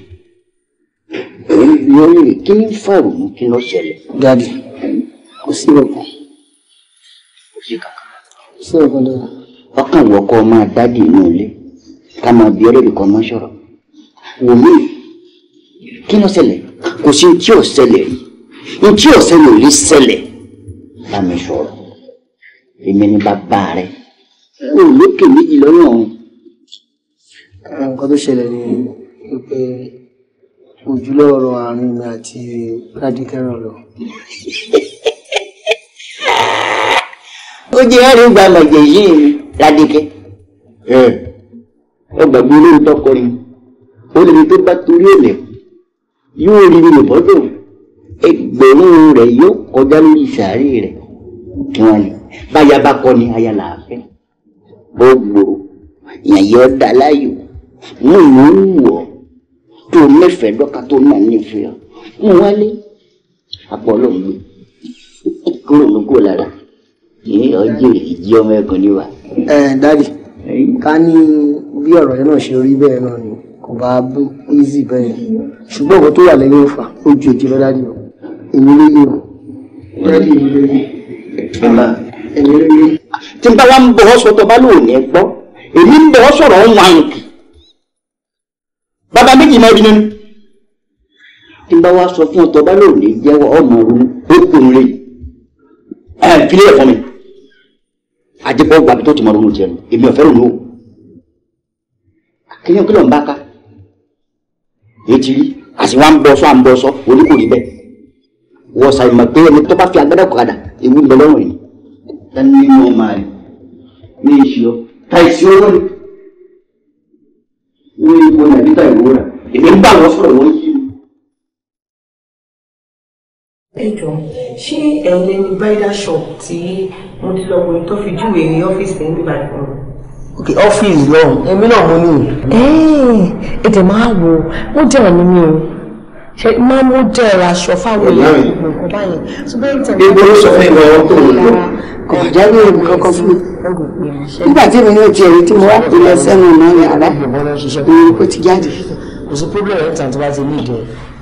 S1: yóò lè kí ní fàrùmù kí ló ṣẹlẹ̀. dadi kò sí ọkàn. kò sí kankan. kò sí ọkàn dára. ọkàn wọkọ máa dádì inú ilé ká máa bí ọlẹ́rìí kan máa sọ̀rọ̀
S4: wò mí kí ló ṣẹlẹ̀ kò sí ohun tí ò ṣẹlẹ̀ rí ohun tí ò ṣẹlẹ̀ ò lè ṣẹlẹ̀ bá mi èmi ni bàbá rẹ̀
S1: o lókè méjì lọ́nà ọ̀run. nǹkan tó ṣẹlẹ̀ ni pé òjúlọ ọ̀rọ̀ àárín mi àti rádíkẹrọ lọ. ó jẹ ẹ̀rí gba màjẹ yìí rádíkẹ. ẹ gbàgbé olórí tọkọrin
S4: ó lè ní tó bá torí òlẹ yóò rí ilé bọ́dọ̀ ẹgbẹ̀rún rẹ̀ yóò kọjá lórí sàárì rẹ̀ wọn ni báyà bá kọ ni aya là á fẹ́ ó gbòòrò ìyàn láyò wọn ò ní
S1: wù tó nífẹ̀ẹ́ lọ́kàn tó náà nífẹ̀ẹ́ mú wálé àpọ̀ ló ń gbé kúrò ní kúrò lára ìyẹn ọjọ́ ìjì ọmọ ẹ̀kọ́ níwà. ẹ dádì ká ní bí ọ̀rọ̀ yẹn náà ṣe rí bẹ́ẹ̀ náà ni kò bá bú easy bẹ́ẹ̀ ṣùgbọ́n ọ̀rọ̀ tó wà lẹ́yìn òfà ó ju èjì lọ dádì o èmi ló yẹ o dádì èmi ló yẹ èmi ló yẹ. tí n bá wa ń bọ̀ ọ́ sọ bá lóun ní gbọ́ èmi ń bọ̀ ọ́ sọ̀rọ̀ ń wá nǹkan bàbá méjì máa rí nínú. tí n bá wá sọ fún ọ tọ́ bá lòun ní jẹ́wọ́ ọmọ òun ó kùn lè ẹ̀ fílẹ̀ ẹ̀ fún mi. àdìpọ̀ gbàgbé tó ti mọ̀ ronú tiẹ̀ èmi ọ̀fẹ́ ronú o.
S4: akéyàn kí ló ń bá ká
S1: ètí rí àṣìwá ń bọ́ sọ à ń bọ́ sọ oníkùnrin bẹ́ẹ̀ wọ́n ṣàìmọ̀ pé ẹni tó bá fi agbádá kọ̀kadà ewu ń bẹ lọ́rùn yìí. dání nínú ọmọ rẹ̀
S3: ní ìṣó ta ìṣó lónìí ní ipò nàìjíríà ìrora èmi ń bá wọn sọ̀rọ̀ wọn yí.
S1: ẹ jọ ṣé ẹ̀yin lẹni bridal shop tí mo ti lọ wọ tó fi júwèé ní ọ́fíìsì ní bíbá ìfọ̀n. ok ọ́fíìsì lọ́hùn èmi náà mo ní. ètè máa wo ó jẹ́ ọ̀nà mi o ṣe máa mú jẹ́ ẹ̀rọ aṣọ fáwọn èèyàn nǹkan báyìí. gbogbo ló sọ fún ìwọ ọkùnrin lọ kò jẹ́ bí fún
S4: mi nígbà tí
S1: mi ní òtí ẹ̀rí tí mo wá pè lọ sẹ́nu ọ̀nà yàrá ni ó ti jáde. kò sí problem ẹ̀ńtà tó bá ti ní ìdẹ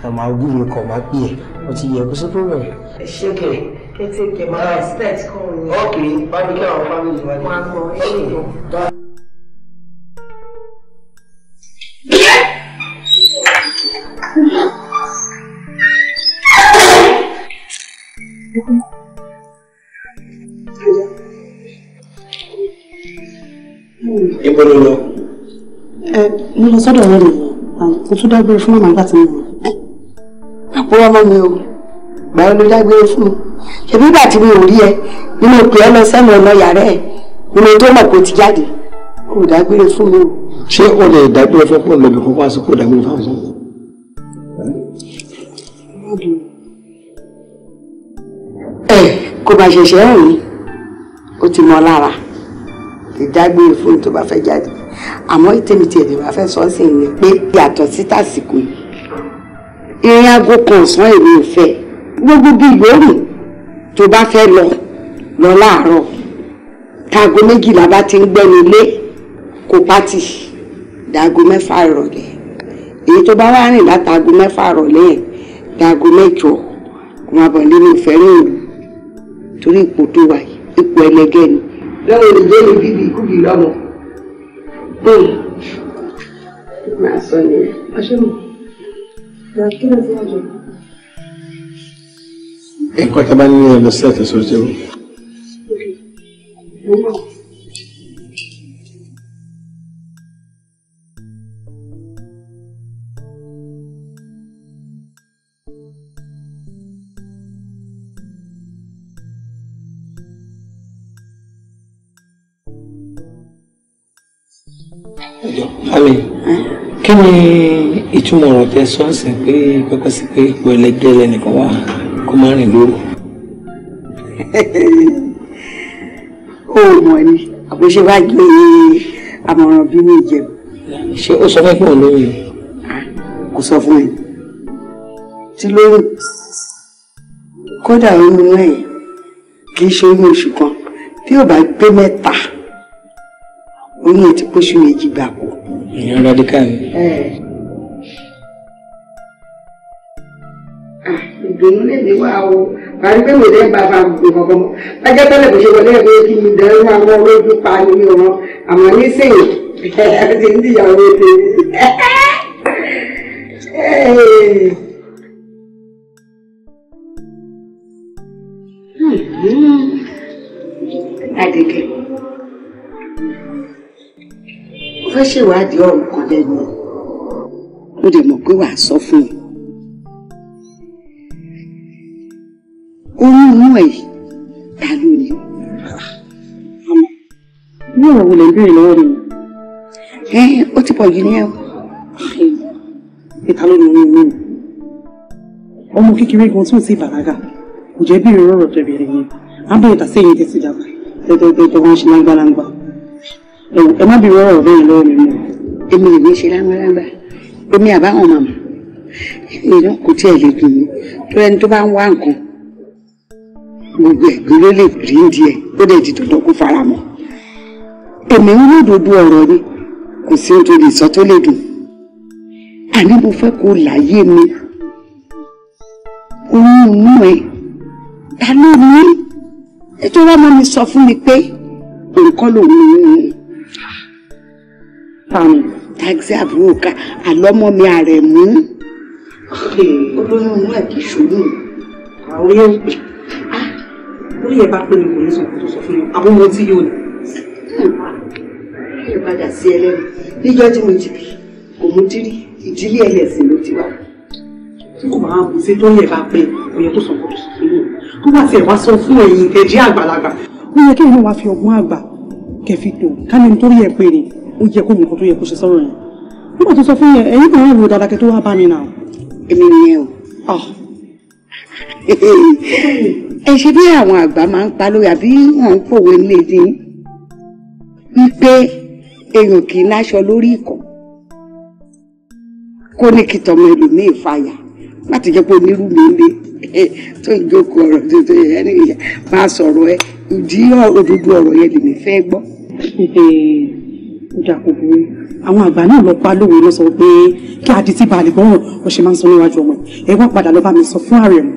S1: àmọ́ àwọn kọ̀ máa pè é ó ti yẹ kó sí problem. ṣé kẹ̀ ẹ ti kẹ̀ máa respect kọ́ ọ̀hún ni. ok bá mi kí àwọn family wọn á gbọ́ ẹ ṣe é.
S3: ibo ló lọ.
S4: ẹ mo lọ sọ́dọ̀ ọ̀rẹ́
S1: mi mo tún dágbére fún màmá nígbà tí mo rìn. àpò ọmọ mi o báwo ló dágbére fún mi ṣebí ìgbà tí mi ò rí ẹ ni mo pè ẹ lọ sẹ́nu ọ̀nà yàrá ẹ ni mo tó mọ̀ pé o ti jáde o ò dágbére fún mi o. ṣé o lè dágbére fún pọ̀ lọ́bì fún pàṣẹ kó dágbére fún àwọn ẹ kò bá ṣẹ̀ṣẹ̀ rìn ó ti mọ lára ìdágbé fún tó bá fẹ́ jáde àmọ́ ìtẹ̀mí tiẹ̀ lè wá fẹ́ sọ sí ni pé yàtọ̀ sí tàsìkò ìrìn aago kan ọ̀sán èmi ò fẹ́ gbogbo bíi ìgbóòrùn tó bá fẹ́ lọ lọ láàárọ̀ táago méjìlá bá ti ń gbẹ́ni ilé kó pátì dáago mẹ́fà ìrọ̀lẹ́ èyí tó bá wá rìn látàago mẹ́fà ìrọ̀lẹ́ yẹn dáago mẹ́jọ wọn àbọ̀lé ní ìfẹ́ rìn òru torí ipò tó wà ipò ẹlẹgẹ́ ni لو الجيل الرجال دي بيكون يلاموا مع الصينية عشان لكن زواجه
S2: إيه كنت بني لساتي سوزيو؟
S1: Mami, kí ni ìtumọ̀ ọ̀rọ̀ tẹ sọ ń sìn pé pẹ́pẹ́ sí pé ipò ẹlẹgbẹ́ lẹ́nìkan wà kó má rìn lóru? Ó mọ̀ ni, àbúṣe bá gbé àmọ̀ràn bí ní ìjẹun. Ṣé ó sọ fẹ́ fún òun lóyún? Kò sọ fún mi. Ti lóyún. Kódà oyún náà kì í ṣe oyún oṣù kan tí ò bá gbé mẹ́ta orí ẹ̀ ti pósù méjì gbàgbó.
S3: ìyẹn radical
S1: ni. Ah, ìdùnnú lè ní wá o parí pé wòlé bàbá gbogbo kankan mọ lájẹ tẹ́lẹ̀ kò ṣe wọlé ẹgbẹ́ kí n dẹrù àwọn olójú pa nínú wọn àmọ́ nísìnyí ẹ ti ń dìyàwó ètò Adìgẹ. fẹ́ ṣèwádìí ọ̀rùn kan lẹ́nu ẹ̀
S3: mo dẹ̀ mọ̀ pé wàá sọ fún un.
S1: oyún inú ẹ̀ ta ló ní. ní ọ̀rọ̀ wo lè ń béèrè lọ́wọ́ mi. ẹ ó ti pọ̀ jù ní ẹ o. ìta ló ní oyún inú mi. ọmọ kékeré gan tí sí bàlágà kò jẹ́ bí ìrọ̀rọ̀ tẹ̀bẹ̀rẹ̀ yẹn á bẹ̀rẹ̀ tà sí èyí tẹ̀sí dàgbà tẹ̀tẹ̀tẹ̀ wọ́n ṣe lágbàlagbà ẹ má bí wọ́rọ̀ bẹ́ẹ̀ lọ́wọ́ mi mọ́ èmi èmi ṣe lámàlámà èmi àbáwọn màmá èèyàn kò tiẹ̀ lè dùn mí tó ẹni tó bá ń wá nǹkan gbogbo ẹ̀gbẹ́ ló lè rí ìdí ẹ̀ ó dẹ̀ di dandan kó fara mọ́ èmi ń lòdòdó ọ̀rọ̀ ni kò sí ohun tó lè sọ tó lè dùn àní mo fẹ́ kó láyé mi oyún inú ẹ̀ ta ló ní ètò ọmọ mi sọ fún mi pé nǹkan lòun ní taxi àbúrò ká àlọ́mọ mi àrẹ̀mú. olóyún inú ẹ̀ kì í ṣòyún àwọn yẹn ń pè ah, ló yẹ bá pé mi kò ní sọ kó tó sọ fún mi àwọn ọmọ tí yóò ní.
S3: Hmm.
S1: ẹ padà sí ẹlẹ́nu níjọ́ tí mo ti bì kò mú dírí ìdílé ẹlẹ́sìn ló ti wà. tí kò bá wà mú sí tó yẹ bá pé kò yẹ kó sọ kó tó sọ fún mi kó bá tiẹ̀ wá sọ fún ẹ̀yin ìtẹ̀jẹ́ àgbàlagbà. ó yẹ kí ẹ̀yin náà wá fi ọgbọ́n àgbà kẹfì tó ká ní nítorí ẹ̀ péré ó yẹ kó mọ nǹkan tó yẹ kó ṣe sọ̀rọ̀ yẹn nígbà tó sọ fún yẹn ẹ̀yin kan rẹ̀ wò dáadáa kẹ́ tó wá bá mi náà. èmi nìyẹn o. Ah. ẹ ṣe bí àwọn àgbà máa ń pa lórí àbí wọn ń pòwe ní èdè wípé èèyàn kì í láṣọ lórí ìkọ kó ní kí tọmọ ẹlòmíín fàyà láti jẹ́ pé onírú mi ń lé [laughs] tó ń jókòó ọ̀rọ̀ tuntun yẹn máa sọ̀rọ̀ ẹ ìdí òdodo ọ̀rọ̀ yẹn lèmi fẹ́ gbọ́. [laughs] ìjà kò burú àwọn àgbà náà lọ pa lówe lọ sọ pé kí adití balẹ̀ bọ́ọ̀ ọ̀ṣẹ̀ máa ń sọ níwájú ọmọ ẹ wá padà lọ bá mi sọ fún àrẹ̀mú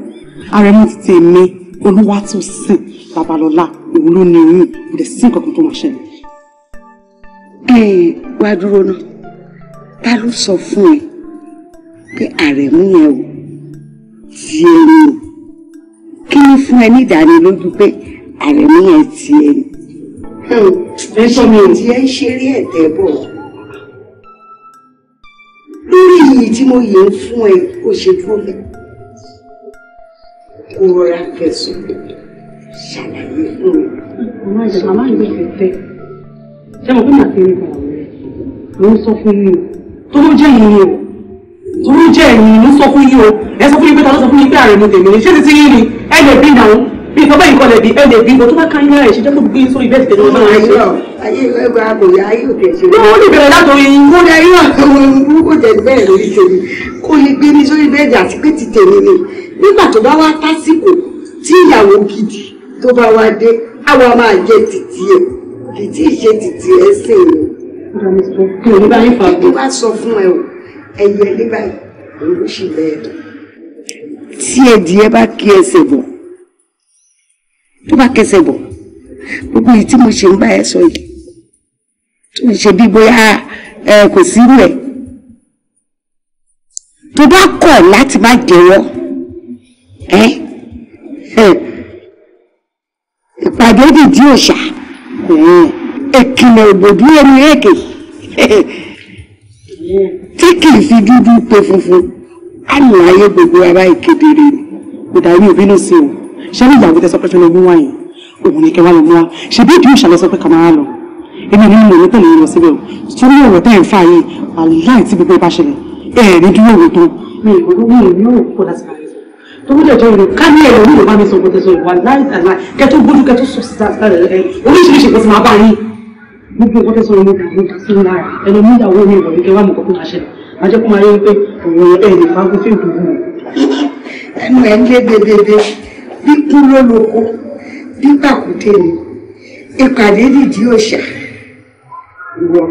S1: àrẹ̀mú ti tè mí olúwa tó sìn babalọ́lá òun ló ní oyún kò dẹ̀ sí nǹkan tó máa ṣẹlẹ̀. ẹ wá dúró náà ta ló sọ fún ẹ pé àrẹ̀mú yẹn ò ti ẹni kí ló fún ẹ ní ìdánilójú pé àrẹ̀mú yẹn ti ẹni. Hmm. ẹ̀sọ́ mi ò ti ẹ́ ṣeré ẹ̀tẹ́ bọ̀ lórí iyì tí mo yẹ fún ẹ kó ṣe dúró mi kó rọra fẹ̀sùn ṣàlàyé fún mi. màmá ìjà màmá ìlú ìfẹ́ fẹ́ ṣé mo kí màá fi rí bàrà rẹ mo ń sọ fún yín o tó ló jẹ́ ìyìn o tó ló jẹ́ ìyìn mo ń sọ fún yín o ẹ sọ fún yín pé ta ló sọ fún yín pé ààrẹ mo tèmi ni ṣé ti ti yín ni ẹ lè bí ìdáhùn bí ìfọ̀bẹ́ yìí kọlẹ̀ bí ẹ lè bí o tó bá ká inú ẹ̀ ṣe jẹ́ kó gbé sórí bẹ́ẹ̀ tẹ̀lé ọmọ rẹ̀ ṣe. ayé ẹgbẹ́ àgbòyè ayé òkè ṣe. ní wọ́n lè bẹ̀rẹ̀ látòrí. mo ní ayé àtọwọ́ ìlú kò jẹ́ bẹ́ẹ̀ lórí tèmi kó lè gbé mi sórí bẹ́ẹ̀dì àti pé ti tèmi ni nígbà tó bá wá tásìkò tí ìyàwó gidi tó bá wá dé àwa máa jẹ títí ẹ kì í tí ì ṣe títí ẹ sè é. kí wá sọ fún ẹ o ẹyẹ nígbà yìí ló ṣì bẹ́ẹ̀ tí ẹdìyẹ bá kí ẹsẹ̀ bọ̀ tó bá kẹsẹ̀ bọ̀ gbogbo èyí tí mo ṣe ń bá ẹ sọ yìí tó ń ṣe bí bóyá ẹ kò sí rẹ̀ tó bá kọ̀ láti má jẹ́wọ́ ẹ
S3: ìpàdé dìdí òòṣà
S1: èkìlẹ̀ òbòdú ẹnu èkè tí kì í fi dúdú pe funfun á nù ayé gbogbo ara ìkedere kò dàbí òbínú sí òun ṣé ní ìyàwó tẹsán pẹ́sẹ́ lógún wáyé òun ni kẹwàá lè múra ṣe bí ìdíwọ̀ ìṣàlẹ̀ sọ pé kàmáà lọ èmi ni mo ní pẹ̀lú yín lọ síbẹ̀ o torí ọ̀rọ̀ tẹ́ ẹ̀ ń fà yìí aláì tí gbogbo ẹ bá ṣẹlẹ̀ ẹ̀ ní dúró òwe tán mi ìgbòho mi ìlú òkú láti máa tó gbọ́dọ̀ jẹ́ ìlú ká ní ẹ̀rọ onílò
S4: bá mi sọ gbọ́dọ̀ sọ ìwà láì tàlá kẹtó gbọ́dọ̀ kẹtó sọ sí dáadáa rẹ oríṣiríṣi nǹkan sì máa bá yín gbogbo nǹkan tẹ̀sán omi kà ń sí lára ẹni omi ìyàwó mi ìwọ̀n kẹ wá mọ̀ kọ́kọ́ máa ṣẹlẹ̀
S1: òun ẹ̀ lè fagun fíìmù tó wù. ẹnu ẹ̀ ń lé bebebe bíkú ló lóko bípàkúté ni ìpàdé dìdí òòṣà ìwọ.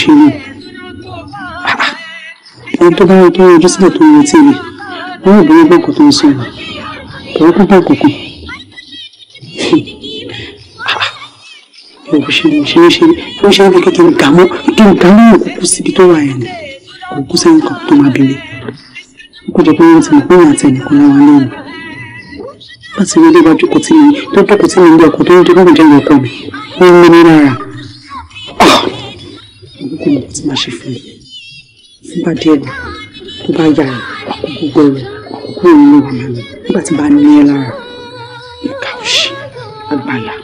S1: ṣe rí ẹni tó bá yẹ kí ojú sílẹ̀ tó ń retí mi wọn ò bóyá gbọ́ǹkan tó ń sọ wà kò ó kúkú òkùnkù. mo ṣe mo ṣe ṣe mo ṣe ń kékeré kí n kà mọ́ kí n kà mọ́ òkùnkù síbi tó wà yẹn ni òkùnkù sẹ́yìn kan tó máa bèrè ó kò jẹ́ pé wọ́n ti mọ̀ pé wọ́n àti ẹnìkan láwa lẹ́yìn láti rí ilé ìwájú kò tí mi tó dọ́kọ̀ tí mi ń gbé ọkọ̀ tó ń jẹ́ gbọ́dọ̀ jẹ́ ìyọkọ mi ó ń lé mi lára. Òkùnkù mo ti máa ṣe fún mi tí bá dé tó bá yà gbogbo ẹrù kó o lè wà mí nígbà tí bá ní ẹ lára ìka òṣì àgbàlá.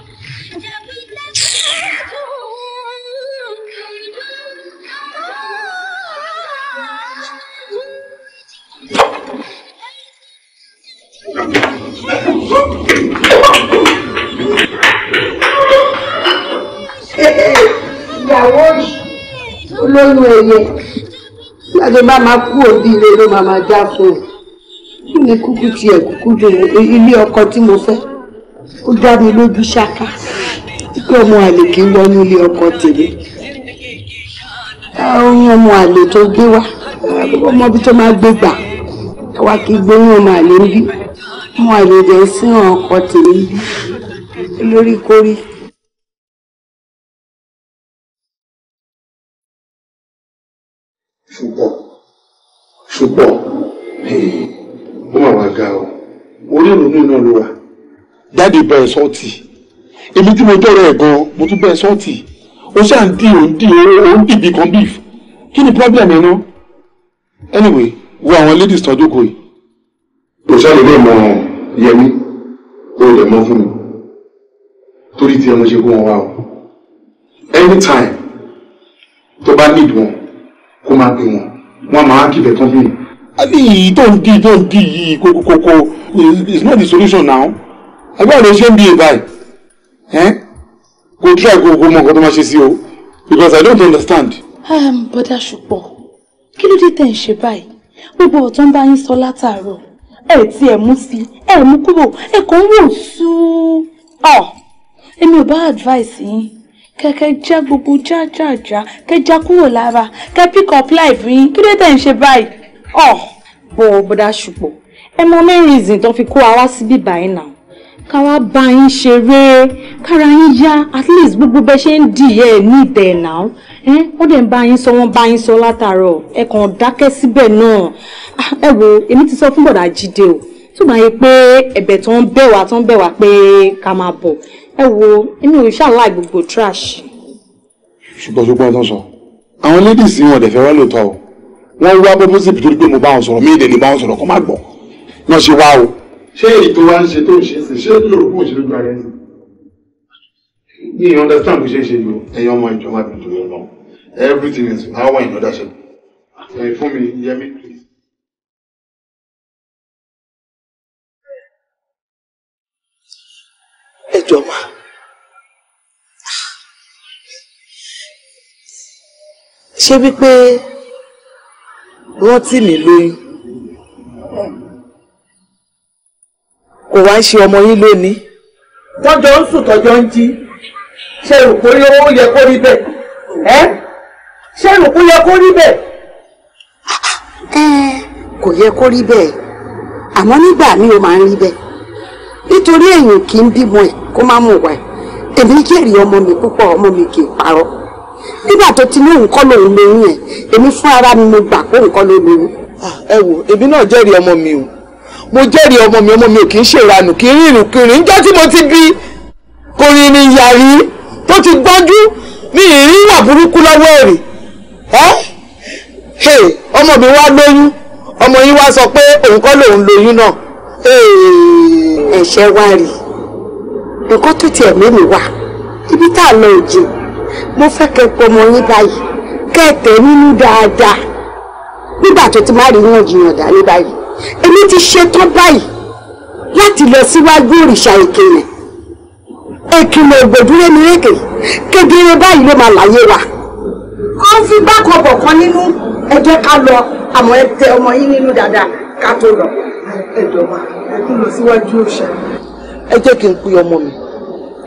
S1: ìyàwó olóyún ẹyẹ nígbà tó bá máa kú òbí ilé ma máa máa já fún ẹ kí ni kúkú tiẹ̀ kúkú ju ilé ọkọ tí mo fẹ́ ó dá mi lójú ṣáká pé ọmọ àlè kì ọkọ tèmi àwọn ah, ọmọ ụmụ tó gbé wá ah, ọmọ bí tó máa gbé
S2: ìrònú náà ló wà jáde bẹ́ẹ̀ sọ́ọ̀tì èmi tí mo tọrọ ẹ̀ gan
S1: mo tún bẹ́ẹ̀ sọ́ọ̀tì ó ṣáà ń dì òun dì òun dì kan bíf kí ni problem ẹ̀ náà anyway wo àwọn ladies tọ́jú kò yìí. kò sáré lè
S2: mọ yẹmí kó lè mọ fún mi torí tí ẹnu ṣe kó wọn wá o anytime tó bá need wọn kó máa pè wọn wọn máa kí bẹ̀ kán bí mi àbí yìí
S1: tó ń di tó ń di yìí kòkòkò
S2: is not the solution now àbí àwọn ṣe ń bí ibà ẹ
S1: kò try go go mọ nǹkan tó máa ṣe sí o because i don't understand.
S4: Um, bọ́dà ṣùpọ̀ kí ló dé tẹ̀ ń ṣe báyìí gbogbo ọ̀tọ́ ń bá yín sọ látàárọ̀ ẹ ti ẹ̀ mú sí ẹ mú kúrò ẹ kàn ń wò sú ọ èmi ò bá advice yín kẹ̀kẹ́ já gbogbo jájájá kẹ́ já kúrò lára kẹ́ pick up life yín kí ló dé tẹ̀ ń ṣe báyìí oh bọ̀ bọ́dá ṣùpọ̀ ẹ mọ main reason tó fi kó ara síbí báyìí now. ká wá bá yín ṣeré kára yín yá at least gbogbo bẹ́ẹ̀ ṣe ń dìyẹ ní now. Eh? ó dẹ̀ ń bá yín sọ wọ́n bá yín sọ látàárọ̀ ẹ kàn dákẹ́ síbẹ̀ náà ah, ẹ wo èmi ti sọ fún bọ̀dá Jídé o tó bá yẹ pé ẹ̀bẹ̀ tó ń bẹ̀ wá Be ń bẹ̀ wá pé ká máa bọ̀ ẹ wo èmi ò gbogbo trash.
S2: ṣùgbọ́n ṣùgbọ́n tó sọ àwọn ladies wọn ò dẹ̀ fẹ́ wá lóòótọ́ o wọ́n wá bó mọ́sí torí pé mo bá wọn sọ̀rọ̀ mí ìdẹ̀ ni bá wọn sọ̀rọ̀ kó má gbọ́ náà ṣe wá o. ṣé ètò wa ń ṣe tó ń ṣe sí ṣé lóògùn òṣèlú ju ara ẹni. ní
S3: understand bó ṣe ń ṣe yìí o ẹ̀yin ọmọ ìjọba mi tó lọ everything is how I another ṣe. ẹ̀yin fún mi yẹ mi please.
S1: ẹ jọ wá. ṣé wípé. Rotimi lóyún kò wá ń ṣe ọmọ yín lónìí. wọ́n jọ ń sùn tọ́jọ́ ń jí ṣe rò pé ó yẹ kó rí bẹ́ẹ̀ ẹ́ ṣe rò pé ó yẹ kó rí bẹ́ẹ̀. kò yẹ kó rí bẹ́ẹ̀ àmọ́ nígbà mi ò máa ń rí bẹ́ẹ̀ nítorí èèyàn kì í bímọ ẹ̀ kó má mọ̀ wá ẹ̀ èmi jẹ́rìí ọmọ mi púpọ̀ ọmọ mi kì í parọ́. nígbà tó ti ní òun kọ́ lòun lóyún ẹ̀ èmi fún ara mi mo gbà pé òun kọ́ ló lóyún. Ah, ẹ wo èmi náà jẹ́rìí ọmọ mi o mo jẹ́rìí ọmọ mi ọmọ mi ò kì í ṣèranù kì í rìnrìn kiri níjọ́ tí mo ti bí kò rìnrìn yàrí tó ti gbọ́njú ní ìrírà burúkú lọ́wọ́ èrè ẹ́ ọmọ mi wá lóyún ọmọ yín wá sọ pé òun kọ́ lòun lóyún náà ẹ̀ṣẹ̀ wá rí nǹkan tó tiẹ̀ mímì wá ibi tá a lọ òjò mo fẹ́ kẹ́ pọmọ yín báyìí kẹ́ẹ̀tẹ́ nínú dáadáa nígbà tó ti má rí yànjiyàn dá ní báyìí èmi ti ṣetán báyìí láti lọ síwájú òrìṣà ìkìlẹ̀ ìkìlẹ̀ ògbòdúró mi rékè kedere báyìí ló máa láyé wa. ó ń fi gbàkọ̀bọ̀ kan nínú ẹ jẹ́ ká lọ àmọ́ ẹ tẹ ọmọ yín nínú dáadáa ká tó lọ. ẹ jọba ẹ kí lọ síwájú òrìṣà. ẹ jẹ́ kí n pe ọmọ mi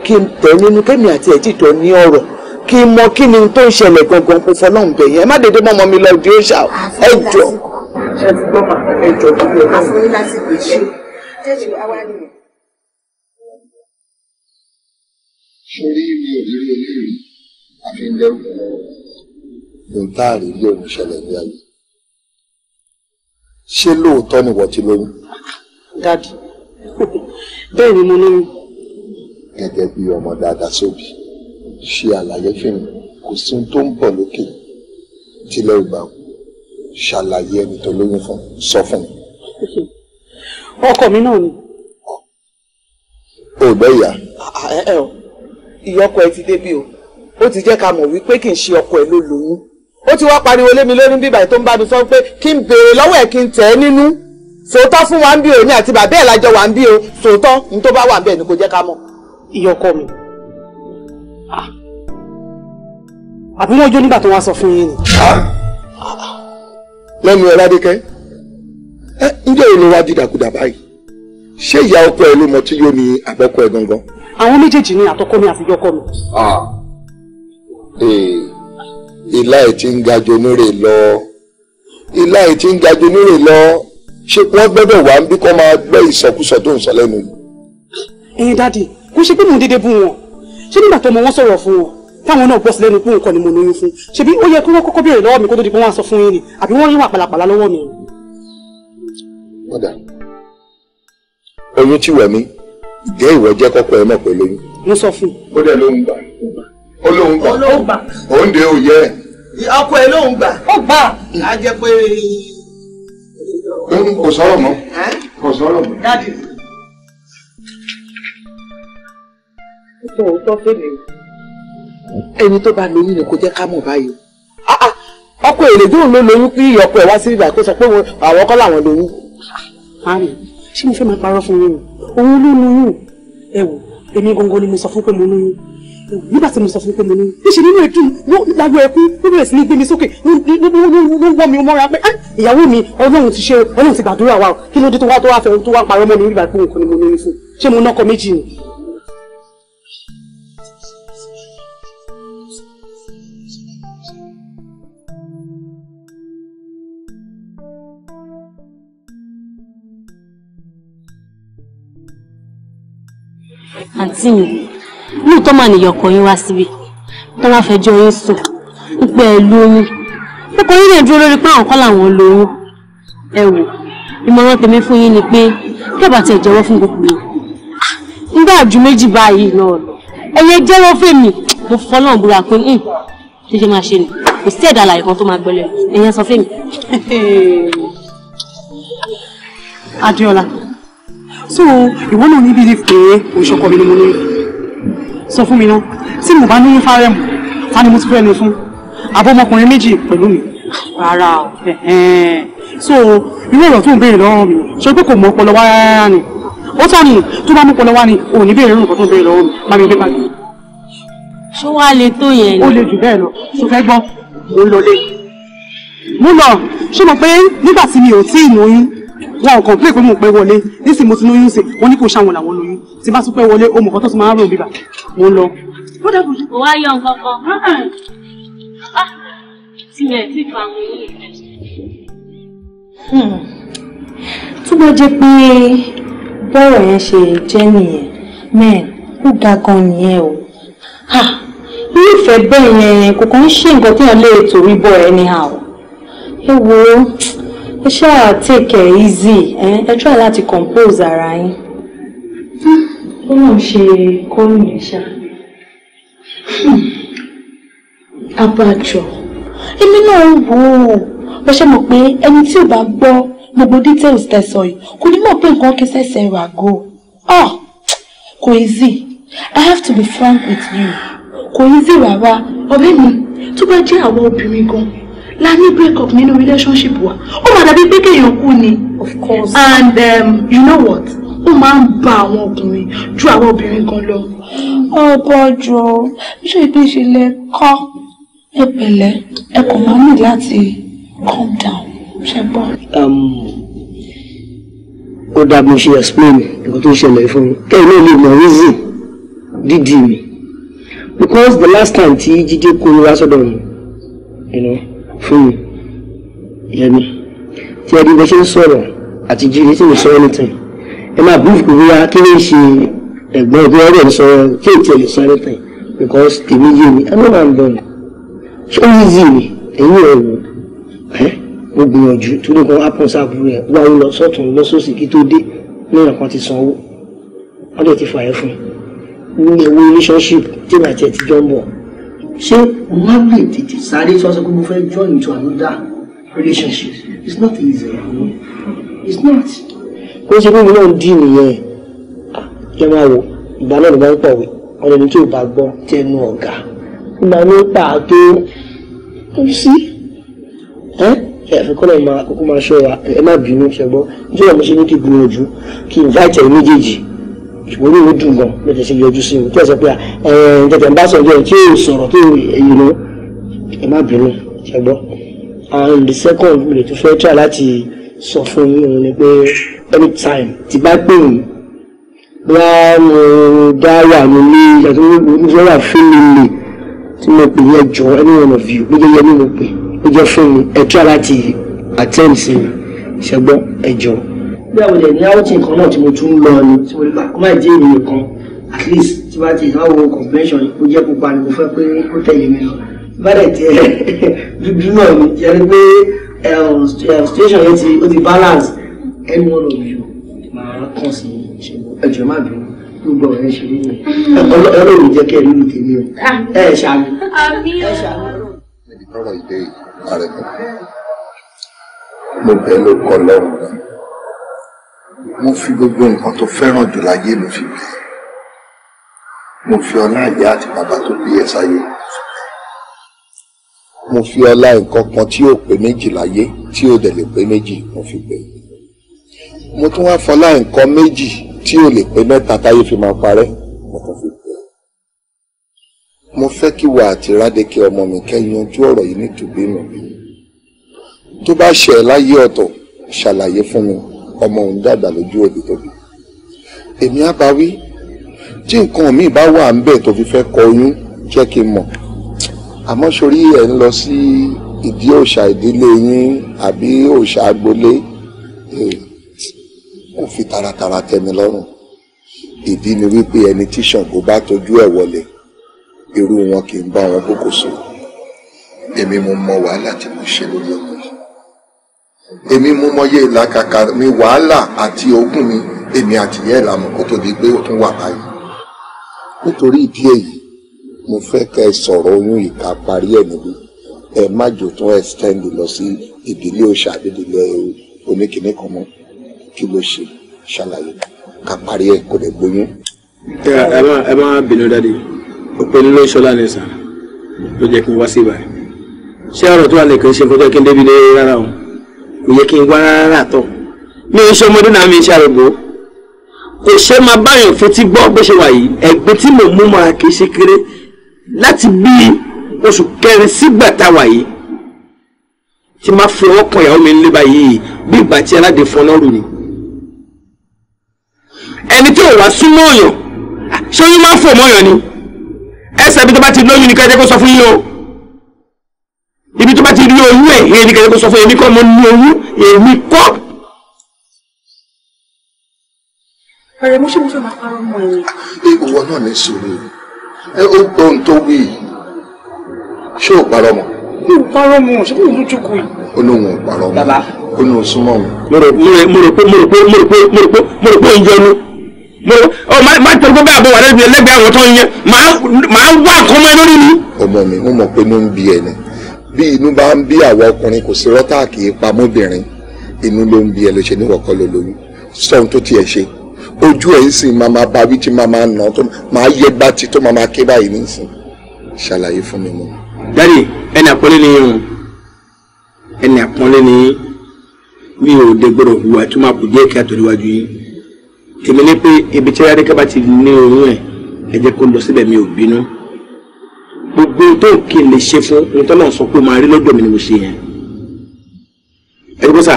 S1: kí n tẹ̀ nínú kémi àti ẹ̀ tìtọ̀ ní ọ̀rọ̀ kí n mọ kí ni tó ń ṣẹlẹ̀ gangan kò fọlọ́run bẹ̀ yẹn má dédé mọ́mọ́ mi lọ di òòṣà ẹ jọ. ṣé ti gbọ́ màá ẹ jọ tó lè lọ. àfọyín láti gbé ṣe
S3: a rí yóò ń ṣẹlẹ̀ ní ayé.
S2: ṣé lóòótọ́ ni wọ́n ti lóyún. dadi [laughs] bẹ́ẹ̀ ni mo lóyún. gẹ́gẹ́ bí ọmọ dáadáa sóbì ṣe àlàyé fèmí kò sí ohun tó ń bọ̀ lókè tílẹ̀ ìgbà ṣàlàyé ẹni tó lóyún fún sọ fún mi. ọkọ mi náà ni. ò gbọ́ ìyá.
S1: ẹ ah, ọ eh, eh, ìyá ọkọ ẹ ti débi o ó ti jẹ́ ká mọ̀ wípé kì í ṣe ọkọ ẹ ló lóyún ó ti wá pariwo lé mi lórí bíbá tó ń bá mi sọ pé kí n béèrè lọ́wọ́ ẹ̀ kí n tẹ̀ ẹ́ nínú sòótọ́ fún wa ń bí o ní àti bàbá ẹ̀ lájọ wa ń bí o sòótọ́ ní tó bá wà ń bẹ̀ ni kò jẹ́ ká mọ̀ ìyá mi àbí wọ́n jó nígbà tó wá sọ fún yín ni. lẹ́nu ẹ̀ ládékẹ́ ẹ ǹjẹ́ ò ló wá dìdàkudà báyìí
S2: ṣé ìyá ọkọ ẹ ló mọ tí yóò ní àbọ̀kọ ẹ gangan. àwọn méjèèjì ni àtọkọ mi àtijọ́ kọ mi. ìlà ẹ̀ ti ń ga jonúre lọ ìlà ẹ̀ ti ń ga jonúre lọ ṣé wọ́n gbọ́dọ̀ wá ń bí kọ́ máa gbọ́ ìsọkúsọ tó ń sọ lẹ́nu yìí.
S1: ẹ̀yin dáàdi kò ṣe pé mò ń dédé bú wọn ṣé nígbà tó ọmọ wọn sọ̀rọ̀ fún wọn táwọn náà gbọ́ sí lẹ́nu pé nǹkan ni mo lóyún fún ṣebí ó yẹ kí wọ́n kọ́kọ́ béèrè lọ́wọ́ mi kó tó di pé wọ́n á sọ fún yín ni àbí wọ́n yín wà pàlàpàlà lọ́wọ́ mi.
S2: mọ̀dà oyún tí wẹ̀ mí ìjẹ́ ìwọ jẹ́ kọ́kọ́ ẹ mọ̀ pé lóyún.
S1: mo sọ fún un. ó dẹ̀ ló ń gbà ó ló ń gbà ó gbà òun dé òye ẹ̀. ọkọ ẹ ló ń gbà. ó gbà á jẹ pé. kò sọ̀rọ̀ mọ́ kò sọ̀rọ̀ mọ́. sọ òótọ́ fèmí o. ẹni tó bá lóyún ni kò jẹ́ ká mọ̀ báyìí o. Ah, ah, ọkọ èrè dóun ló lóyún kí ọkọ ẹ wá sí ibà kó sọ pé àwọn kọ́ làwọn lóyún. mami ṣé mo fẹ́ máa parọ́ fún yín o òun ló lóyún ẹ wò èmi gangan ni mo sọ fún pé mo lóyún nígbà tí mo sọ fún pé mo lóyún níṣẹ́ nínú ètò lágbo ẹkún ló bẹ̀rẹ̀ sí ní gbé mi sókè ló wọ́ mi mọ́ra pé ah, ìyàwó mi ọlọ́run ti ṣe ọlọ́run ti gbàdúrà wa kí ló dé tó wá tó wá fẹ́ tó wá parọ́ mọ́ mi nígbà pé òun kò ní mo lóyún fún ṣé mo nọ́kọ méjì ni
S4: àǹtí mi lóòótọ́ mà nìyẹn ọkọ yín wá síbi tó wá fẹjọ́ yín sùn ń pẹ́ ẹ lóyún ọkọ yín lè dúró lórí pé àwọn kọ́ làwọn lóyún ẹ wò ìmọ̀ràn tèmi fún yín ni pé kẹ́bà tẹ̀ jẹ́wọ́ fún gbogbo yín nígbà ah, ju méjì báyìí náà lọ ẹ̀yẹ jẹ́wọ́ fèmí mo fọlọ́n búra pé ń hmm, ṣe ṣe máa ṣe nì kò sí ẹ̀dá àlàyé kan tó máa gbẹlẹ̀ ẹ̀yẹ sọ fèmí. Adéọlá
S1: so ìwọ náà níbi ni pé òṣọkọ mi ni mo lóyún sọ fún mi náà tí mo bá ní fárẹ́mù ta ni mo ti fẹ́ ni fún abọ́mọkùnrin méjì pẹ̀lú mi rárá o so irú ọ̀rọ̀ tó ń béèrè lọ́rùn mi ṣe pé kò mọ ọpọlọ wá rárá ni ó tọ́ ni tó bá mú ọpọlọ wá ni ò ní béèrè irú nǹkan tó ń béèrè lọ́rùn mi má mi gbé pàdé. ṣó wàá le tó yẹn ni. ó le jù bẹ́ẹ̀ lọ ṣó fẹ́ gbọ́ mo ń lọlé. mo lọ ṣé mo pé nígbà tí mi ò tí lóyún wọn kàn pé pé mo pẹ́ wọlé nísìnyí mo ti lóyún sí wọn ní kò ṣàwọn làwọn lóyún tí bá tún pẹ́ wọlé o mọ̀ kọ́ tó tún máa ń rò bíbà mo ń lọ.
S4: kò wá yọ nǹkan kan ah, ah. ah, tiẹ̀ tí fa àwọn yìí. Hmm. tó bá jẹ́ pé bọ́rọ̀ yẹn ṣe jẹ́ nìyẹn mẹ́ẹ̀ kó dáa gan nìyẹn o irúfẹ́ bẹ́ẹ̀ yẹn kò kàn ń ṣe nǹkan téèyàn lè torí bọ̀ anyhow ẹ wo ẹ ṣáà take it easy eh? ẹ try láti compose ara yín hmm, ó náà ṣe kọ́rùn yẹn ṣá. Hmm, abájọ èmi náà wò ó
S1: bó ṣe mọ̀ pé ẹni tí ò bá gbọ́ gbogbo details tẹ̀sán yìí kò ní mọ̀ pé nǹkan kí sẹ́sẹ̀ rà go ah, kò easy I have to be frank with you kò easy rárá ọ̀rẹ́ mi tó bá jẹ́ àwọn obìnrin gan-an la ní break up nínú relationship wa ó máa dàbí pé kéèyàn kú ni. of course. and um, you know what ó máa ń ba àwọn ọkùnrin ju àwọn obìnrin gan lọ. ọgbọ́jọ ṣé ibi ìṣẹ̀lẹ̀ kọ́ ẹ pẹ̀lẹ́ ẹ kò máa ní láti calm down ṣe gbọ́. Um, ó dáa mo ṣe explain nǹkan tó ṣẹlẹ̀ fún mi kẹ́hìn náà lè mọ reason dídì mi because the last time tí jíjẹ́ kó wá sọ́dọ̀ mi. You know, fún mi yẹmi tí ẹ di bẹ ṣe ń sọ̀rọ̀ àti jíire tí mo sọ anytime ẹ máa bí ìfòkò bóyá kí ló ń ṣe ẹ̀gbọ́n ẹgbẹ́ ọ̀rẹ́ mi sọ̀rọ̀ kí ètò ẹ lè sọ anytime because tèmi yé mi ẹ máa ń dọ̀nà ṣé ó yíyí mi ẹ̀yìn ẹ̀ wò ẹ́ mo gbìyànjú tó ní kan apple sáàbùrù ẹ̀ wá ń lọ sọ́tún lọ́sọ̀ọ̀sì kí tó dé lẹ́yìn kan ti sanwó wọ́n ti fà fún un ní ewu relationship tí màá tiẹ̀ ti jọ ń bọ̀ ṣé òun á lè tètè sáré tí wọ́n sọ pé mo fẹ́ join into another relationship it's not easy it's not. ó ṣe pé mi náà ń dín nìyẹn ẹ máa wò ìgbà náà ló máa ń pọ̀wé ọ̀rọ̀ ní tí ò bá gbọ́ tẹnu ọ̀gá ìgbà ní pa àtó kò sí ẹ ẹ̀fẹ̀ kọ́nà máa kókó máa ṣọ́ra ẹ má bínú ṣẹgbọ́n nítorí ọmọ ṣe ní kí gbìyànjú kí n bá méjèèjì ìwúrí mi dùn gan ló ti ṣe yọjú sí mi tí ẹ sọ pé ẹ tètè ń bá sọjọ tí ò sọ̀rọ̀ tó èyí ló and the second mi tún fẹ́ try láti sọ fún yín ni pé anytime tí bá pè yín bá mo dá wà mí ní ìyàtọ̀ mo fẹ́ of you gbogbo yẹn ni mo pè ó jẹ́ fún mi ẹ try bí àwọn ènìyàn ní áwọ̀tì nǹkan náà tí mo tún lọ ni tí mo nígbà kó má jẹ́ èmi nìkan at least tí wọ́n ti ìnáwó convention ó jẹ́ pupa ni mo fẹ́ pé ó tẹ̀lé mi lọ bá dẹ̀ tiẹ̀ [laughs] dúdú náà ni yẹn pé eh, eh, station yẹn ti ó ti balance any one of you máa kàn sí ẹjọ́ má bínú gbogbo ọ̀rẹ́ ṣe rí mi ọlọ́run jẹ́ kí ẹ lórí tèmi o ah. ẹ ṣàmì ẹ ṣàmì. ibi
S2: mo bẹ ló kọ lọrùn mo fi gbogbo nǹkan tó fẹ́ràn jù láyé mo fi bí mo fi ọlá ìyá àti bàbá tó bí ẹ sáyé mo fi ọlá nǹkan kan tí ó pé méjì láyé tí ó dẹ̀ lè pé méjì mo fi pè mo tún wá fọlá nǹkan méjì tí ó lè pé mẹ́ta táyé fi máa parẹ́ mo tún fi pè mo fẹ́ kí wà àti Rádéke ọmọ mi kẹ́yanjú ọ̀rọ̀ yìí nítùbínú tó bá ṣẹ̀ láyé ọ̀tọ̀ ṣàlàyé fún mi ọmọ òun dàgbà lójú òbí tóbi èmi á bá wí tí nǹkan mi bá wà ń bẹ̀ tó fi fẹ́ kọ oyún jẹ́ kí n mọ̀ àmọ́ sórí ẹ̀ ń lọ sí ìdí òòṣà ìdílé yín àbí òòṣà agbolé kò fi taratara tẹ́mi lọ́rùn ìdí ni wípé ẹni tí Ṣàngó bá tọ́jú ẹ̀ wọlé irú wọn kì í bá wọn kókò so èmi mo mọ wàhálà tí mo ṣe lórí ọkọ èmi mú mọ́yé ìlàkàkà mi wàhálà àti ogún mi èmi àtìyẹ́ ìlànà kó tó di pé ó tún wà báyìí. nítorí ìdí èyí mo fẹ́ kẹ́ ẹ sọ̀rọ̀ oyún ìka parí ẹ̀ níbí ẹ má jò tún extend lọ sí ìdílé òòṣà ìdílé oníkìní kan mọ́ kí ló ṣe ṣàlàyé ká parí ẹ̀ kó lè gbóyún.
S1: ẹ má ẹ má bínú dáadé òpin ló ń ṣọlá ní sàn ló jẹ́ kí n wá sí ibà ṣé ọ̀rọ̀ tó wà lè kàn ṣe fọjọ́ kí n débi dé rárá o kò yẹ kí n wá rárá tọ̀ mi ń ṣe ọmọdé náà mi ń ṣe àrògbó kò ṣe máa báyàn fetí gbọ́ bó ṣe wà yìí ẹ̀gbin tí mò ń mú máa kì í ṣe kéré láti bí oṣù kẹrin sígbà tá a wà yìí tí máa fi ọwọ́ kan ìyàwó mi nílé báyìí bí ìgbà tí aládé fọn náà ni. ẹni tí ò wá súnmọ́ òyàn ṣé oyún máa ń fò mọ́ òyàn ni ẹsẹ̀ bí tó bá ti lóyún ni ká jẹ́ kó sọ fún yín o ti rí oyún ẹ̀ èyí ni kẹ́kẹ́ kó sọ fún èmi
S3: kọ́ mo ní oyún èmi kọ́.
S1: ọ̀rẹ́ mo ṣe mo fẹ́ máa parọ́ mọ́ ẹ̀yìn.
S2: ìwọ náà ní sùúrù ẹ ó gbọ́ ohun tó wí ṣé ò parọ́ mọ́.
S1: mi ò parọ́ mọ́ ṣé kò ló jókòó yìí.
S2: ó lóun ò parọ́ mọ́ bàbá ó lóun súnmọ́ òun. mo rò pé mo rò pé mo rò pé mo rò pé mo rò pé mo rò pé òun yọnu mo ọ
S1: má tẹ gbogbo àbọ̀ wà lẹ́gbẹ̀ẹ́ àwọn tó ń yẹ máa wá àkọ́mọ́ lórí mi.
S2: ọmọ mi mo mọ̀ pé mo ń bi ẹ̀ ni bí inú bá ń bí àwọn ọkùnrin kò sí rọ́tà kì í pamóbìnrin inú ló ń bí ẹ ló ṣe níwọ̀kọ́ ló lóyún sọ ohun tó tiẹ̀ ṣe ojú ẹ̀ ń sìn máa máa ba wí tí máa máa nà tó máa yẹ gbá tí tó máa máa ké báyìí nísìn ṣàlàyé fún mi mọ́. dádì ẹni àpọ́nlé ni yín o ẹni àpọ́nlé
S1: ni yín mi ò dé gbọ́dọ̀ hùwà tó máa kù díẹ̀ kí a tó níwájú yín èmi ní pé ibi tí ayáríkà ti ní oyún ẹ̀ ẹ kó lọ síbẹ̀ mi ò bínú gbogbo tó kí n lè ṣe fún ohun tó náà sọ pé máa rí lọ́dọ̀ mi ni mo ṣe yẹn ẹgbẹ́ sà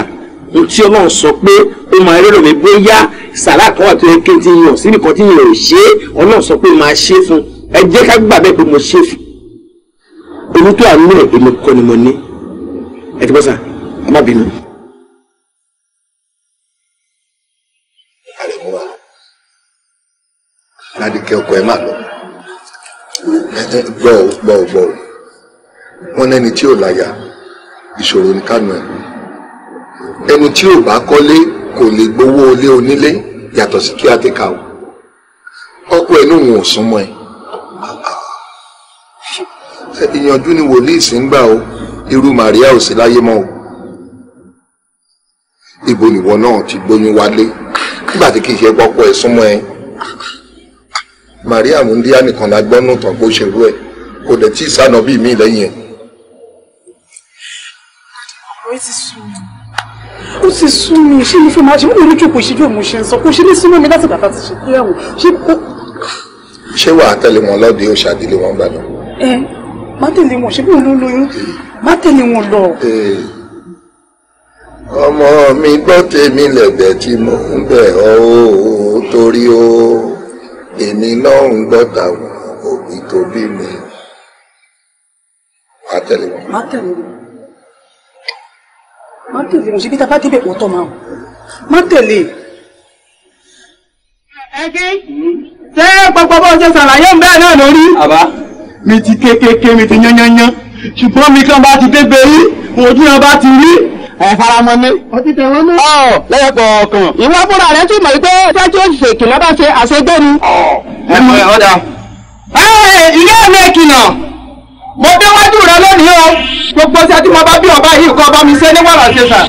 S1: ohun tí ọlọ́run sọ pé ó máa rí lọ́dọ̀ mi bóyá sàrà kan wà tó yẹ kí n ti yàn síbi kan tí mi ò ṣe é ọlọ́run sọ pé máa ṣe fún ẹ jẹ́ ká gbà bẹ́ẹ̀ pé mo ṣe fún ohun tó àánú ẹ̀ èmi kọ́ ni mo ní ẹgbẹ́ sà
S2: ẹ má bínú. ládìkẹ́ ọkọ̀ ẹ má lọ gbọ́ ò gbọ́ ò gbọ́ ò wọ́n lẹ́ni tí ò láyà ìṣòro ní kánú ẹ̀ ẹni tí ò bá kọ́lé kò lè gbowó ilé onílé yàtọ̀ sí kí á ti kà ó ọkọ ẹ̀ lóun ò súnmọ́ ẹ̀ ìyànjú ni wòlíì sì ń gbà o irú Màríà ò sí láyé mọ́ o ibo nìwọ náà ti gbóyún wálé nígbà tí kì í ṣe gbọ́pọ̀ ẹ̀ súnmọ́ ẹ̀. Maria mundia nìkan la gbọ́ nù tán kó ṣerú ẹ̀ kò dẹ̀ tí ìsànà bíi mí lẹ́yìn ẹ̀.
S1: ọ̀rọ̀ ti sú mi ó ti sú mi ṣé mo fẹ́ máa ṣe olójú kò ṣíjú òun ṣe ń sọ kò ṣe ní súnmọ́ mi láti bàtà ti ṣe pé ẹ̀wọ̀n ṣé kò.
S2: ṣé wàá tẹ̀lé wọn lọ́dẹ ó ṣàdílé wọn gbàdọ̀.
S1: ẹ má tẹ̀lé wọn ṣé bí òun lóyún má tẹ̀lé wọn lọ
S2: ọmọ mi gbọ́ tèmi lẹ̀bẹ̀ tí mo ń bẹ̀ ọ́ torí o èmi lọ́rùn gbọ́ta òbí tó bí mi
S1: àtẹ̀lé wọn. má tẹ̀lé wọn má tẹ̀lé wọn síbi tá a bá débẹ̀ wọ́tọ̀ máa má tẹ̀lé. ẹgbẹ́ ṣé gbogbo bó ṣe ṣàlàyé ń bẹ́ẹ̀ náà lórí. àbá mi ti kékeré mi ti yán yán yán ṣùgbọ́n mi kan bá ti dé gbèrí òjú náà bá ti rí ẹ faramọ́ ní. ọtí tẹ wọn mú. ọ lẹ́yìn kọ̀ọ̀kan. ìwọ fúnra rẹ tún mọ̀ wípé dájú òṣìṣẹ́ ìkìlọ̀ bá ṣe àṣegbé ni. ẹ mọ ẹ ọ̀dà. ìyá mi kìnà mo déwájú rẹ lónìí o gbogbo ṣe tí mo bá bí ọba yìí kọ́ ọba mi ṣe ní wàrà ṣe sà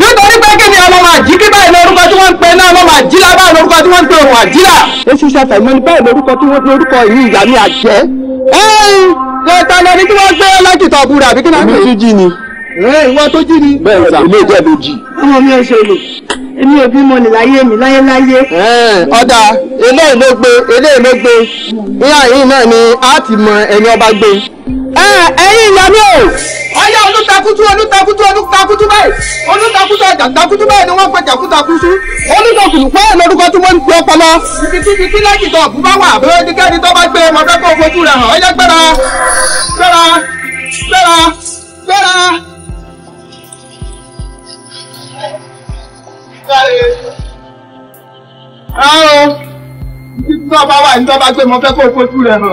S1: nítorí pé kí ni ọlọ́mọ àjíkí báyìí lórúkọ tí wọ́n ń pe náà ọlọ́mọ àjílá báyìí lórúkọ tí wọ́n ń pe òun àjílá. èsì ṣàfẹ́ mọ́ni báyìí lórúkọ tí wọ́n lórúkọ yìí ìyá mi àjẹ́. ẹ́ẹ́ ṣe ta lẹni tí wọ́n gbé lọ́jì tọ́kùnrin àbí kí náà. èmi ti jí ni ẹ ìwọ tó jí ni. bẹ́ẹ̀ sà èmi ìjẹ́ ló jì. ọmọ mi ò ṣe lè èmi ò bímọ ní láyé mi láyéláyé. ọ̀dà eléyìí ló gbé eléyìí ló gbé ìyá yìí náà ni a ti mọ ẹni ọba gbé. ẹ ẹyin ìyanu o. ọyá olùtakùtù olùtakùtù olùtakùtù báyìí olùtakùtù àjàntakùtù báyìí ni wọ́n pe jàkútakùtù. olùtakùtù pé lórúkọ tí wọ́n ń gbé ọpọlọ. ibi tí lẹ́yìn tó ọ̀bù bá wà bóyá ẹnikẹ́ni tó bá gbé ọmọdé kó fojú rẹ̀ hàn ọyá gbéra gbéra gbéra gbéra.
S3: Àwọn
S1: títí náà bá wà ní tọ́ gbé mọ́ fẹ́ kó fojú rẹ̀ hàn.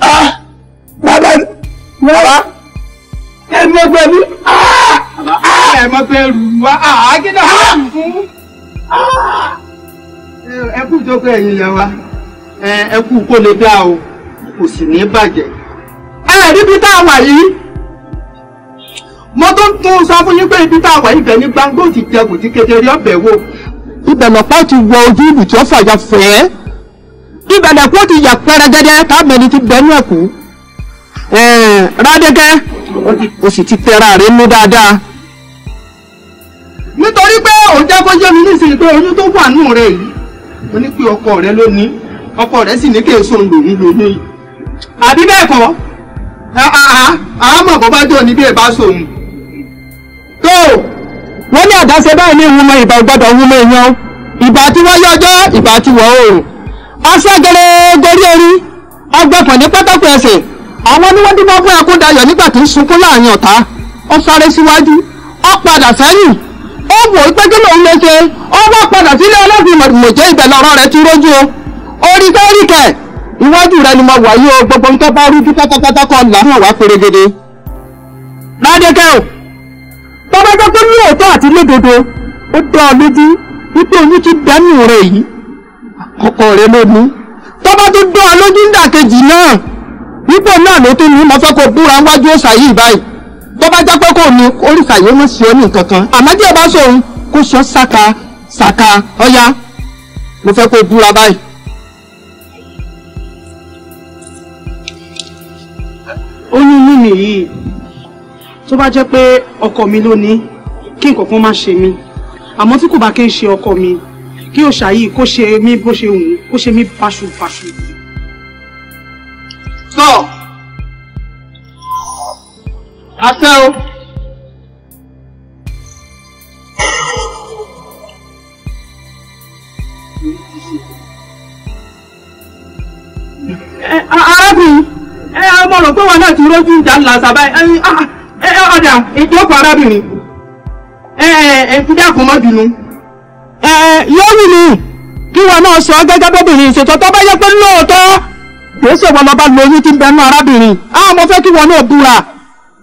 S1: Ah! Bàbá bàbá ẹ mọ gbẹ mí. Ah! Ah! Ẹ mọ gbẹ rù wá àágídà fún. Ẹ kú ìjókòó ẹ̀yìn lẹ́wà. Ẹ kú kó lè dá o, kò sì ní bàjẹ́ ẹ rí ibi tá a wà yìí mo tó ń tún sọ fún yín pé ibi tá a wà yìí bẹ̀ ní gbangba ó ti jẹun tí kedere ọbẹ̀ wò. ìbẹ̀lẹ̀pọ̀ ti wọ ojú ìlú tí ó fàyà fẹ́ ìbẹ̀lẹ̀pọ̀ ti yà pẹ́rẹ́gẹ́dẹ́ tábẹ́ni ti bẹ́nu ẹ̀kú. rádẹ́gẹ́ o sì ti tẹra rẹ̀ mú dáadáa. nítorí pé òun jẹ́ kó yé mi nísìnyí pé oyún tó wà nù rẹ̀ yìí mo ní pé ọkọ rẹ̀ ló ní ọkọ rẹ̀ sì ní kí èso lòún lòún yìí àbí bẹ́ẹ̀ kọ́. àmọ̀ bó bá jọ níbi ìbá sòun. tó wọ́n ní àdáṣe báyìí ní ìwúmọ̀ ìbá gbọ́dọ̀ wúmọ̀ èèyàn ìbá tí wọ́n yọjọ́ ìbá tí wọ́n òòrùn. ọṣẹ gorí orí ní pátákó ẹsẹ̀ àwọn ni wọ́n dúró fún Akúndayọ̀ nígbà ń sunkún láàrin ọ̀tá ó sáré síwájú ó padà sẹ́yìn ó wò ó pé kí lòun lè ṣe ó padà sílé ọlọ́sìn mọ̀jẹ́ ìbẹ̀lẹ̀ ọ̀rọ̀ rẹ̀ ti rójú o iwájú rẹ ni mo wà yí o gbogbo nǹkan bá rújú pátápátá kọ làwọn wà pérégede. ládékẹ́ o tọ́ba jẹ́ pé lóòótọ́ àti lódodo ó dá ọ lójú wípé oyún ti dánú rẹ yìí ọkọ rẹ ló mú tọ́ba tó dá ọ lójú ń dàkejì náà wípé náà ló tún ní mo fẹ́ kó búra wájú òòṣà yìí báyìí tọ́ba jẹ́ pé kò ní oríṣà yìí mọ̀ sí ọ ní nǹkan kan àmọ́ tí ẹ bá sọ òun kó sọ ṣàkà ṣàkà ọ̀ya mo fẹ́ kó búra báyìí. ó ní inú mi yìí tó bá jẹ́ pé ọkọ mi ló ní kí nǹkan kan má ṣe mí àmọ́ tí kò bá kí n ṣe ọkọ mi kí òòṣà yìí kó ṣe mí bó ṣe wù kó ṣe mí báṣubàṣu. stop àṣẹ o. mọ̀ pé wọn náà ti rójú ìjà ńlá sábà ẹ ah, ọ̀dà ìjókòó arábìnrin ẹ ẹ mọ́ bínú. ẹ yóò wù mí kí wọn náà sọ gẹ́gẹ́ bóbìnrin ìṣètò tó bá yẹ pé lóòótọ́ gbèsè wọn lọ lóyún tí ń bẹnu arábìnrin àwọn ọmọ fẹ́ kí wọn náà búra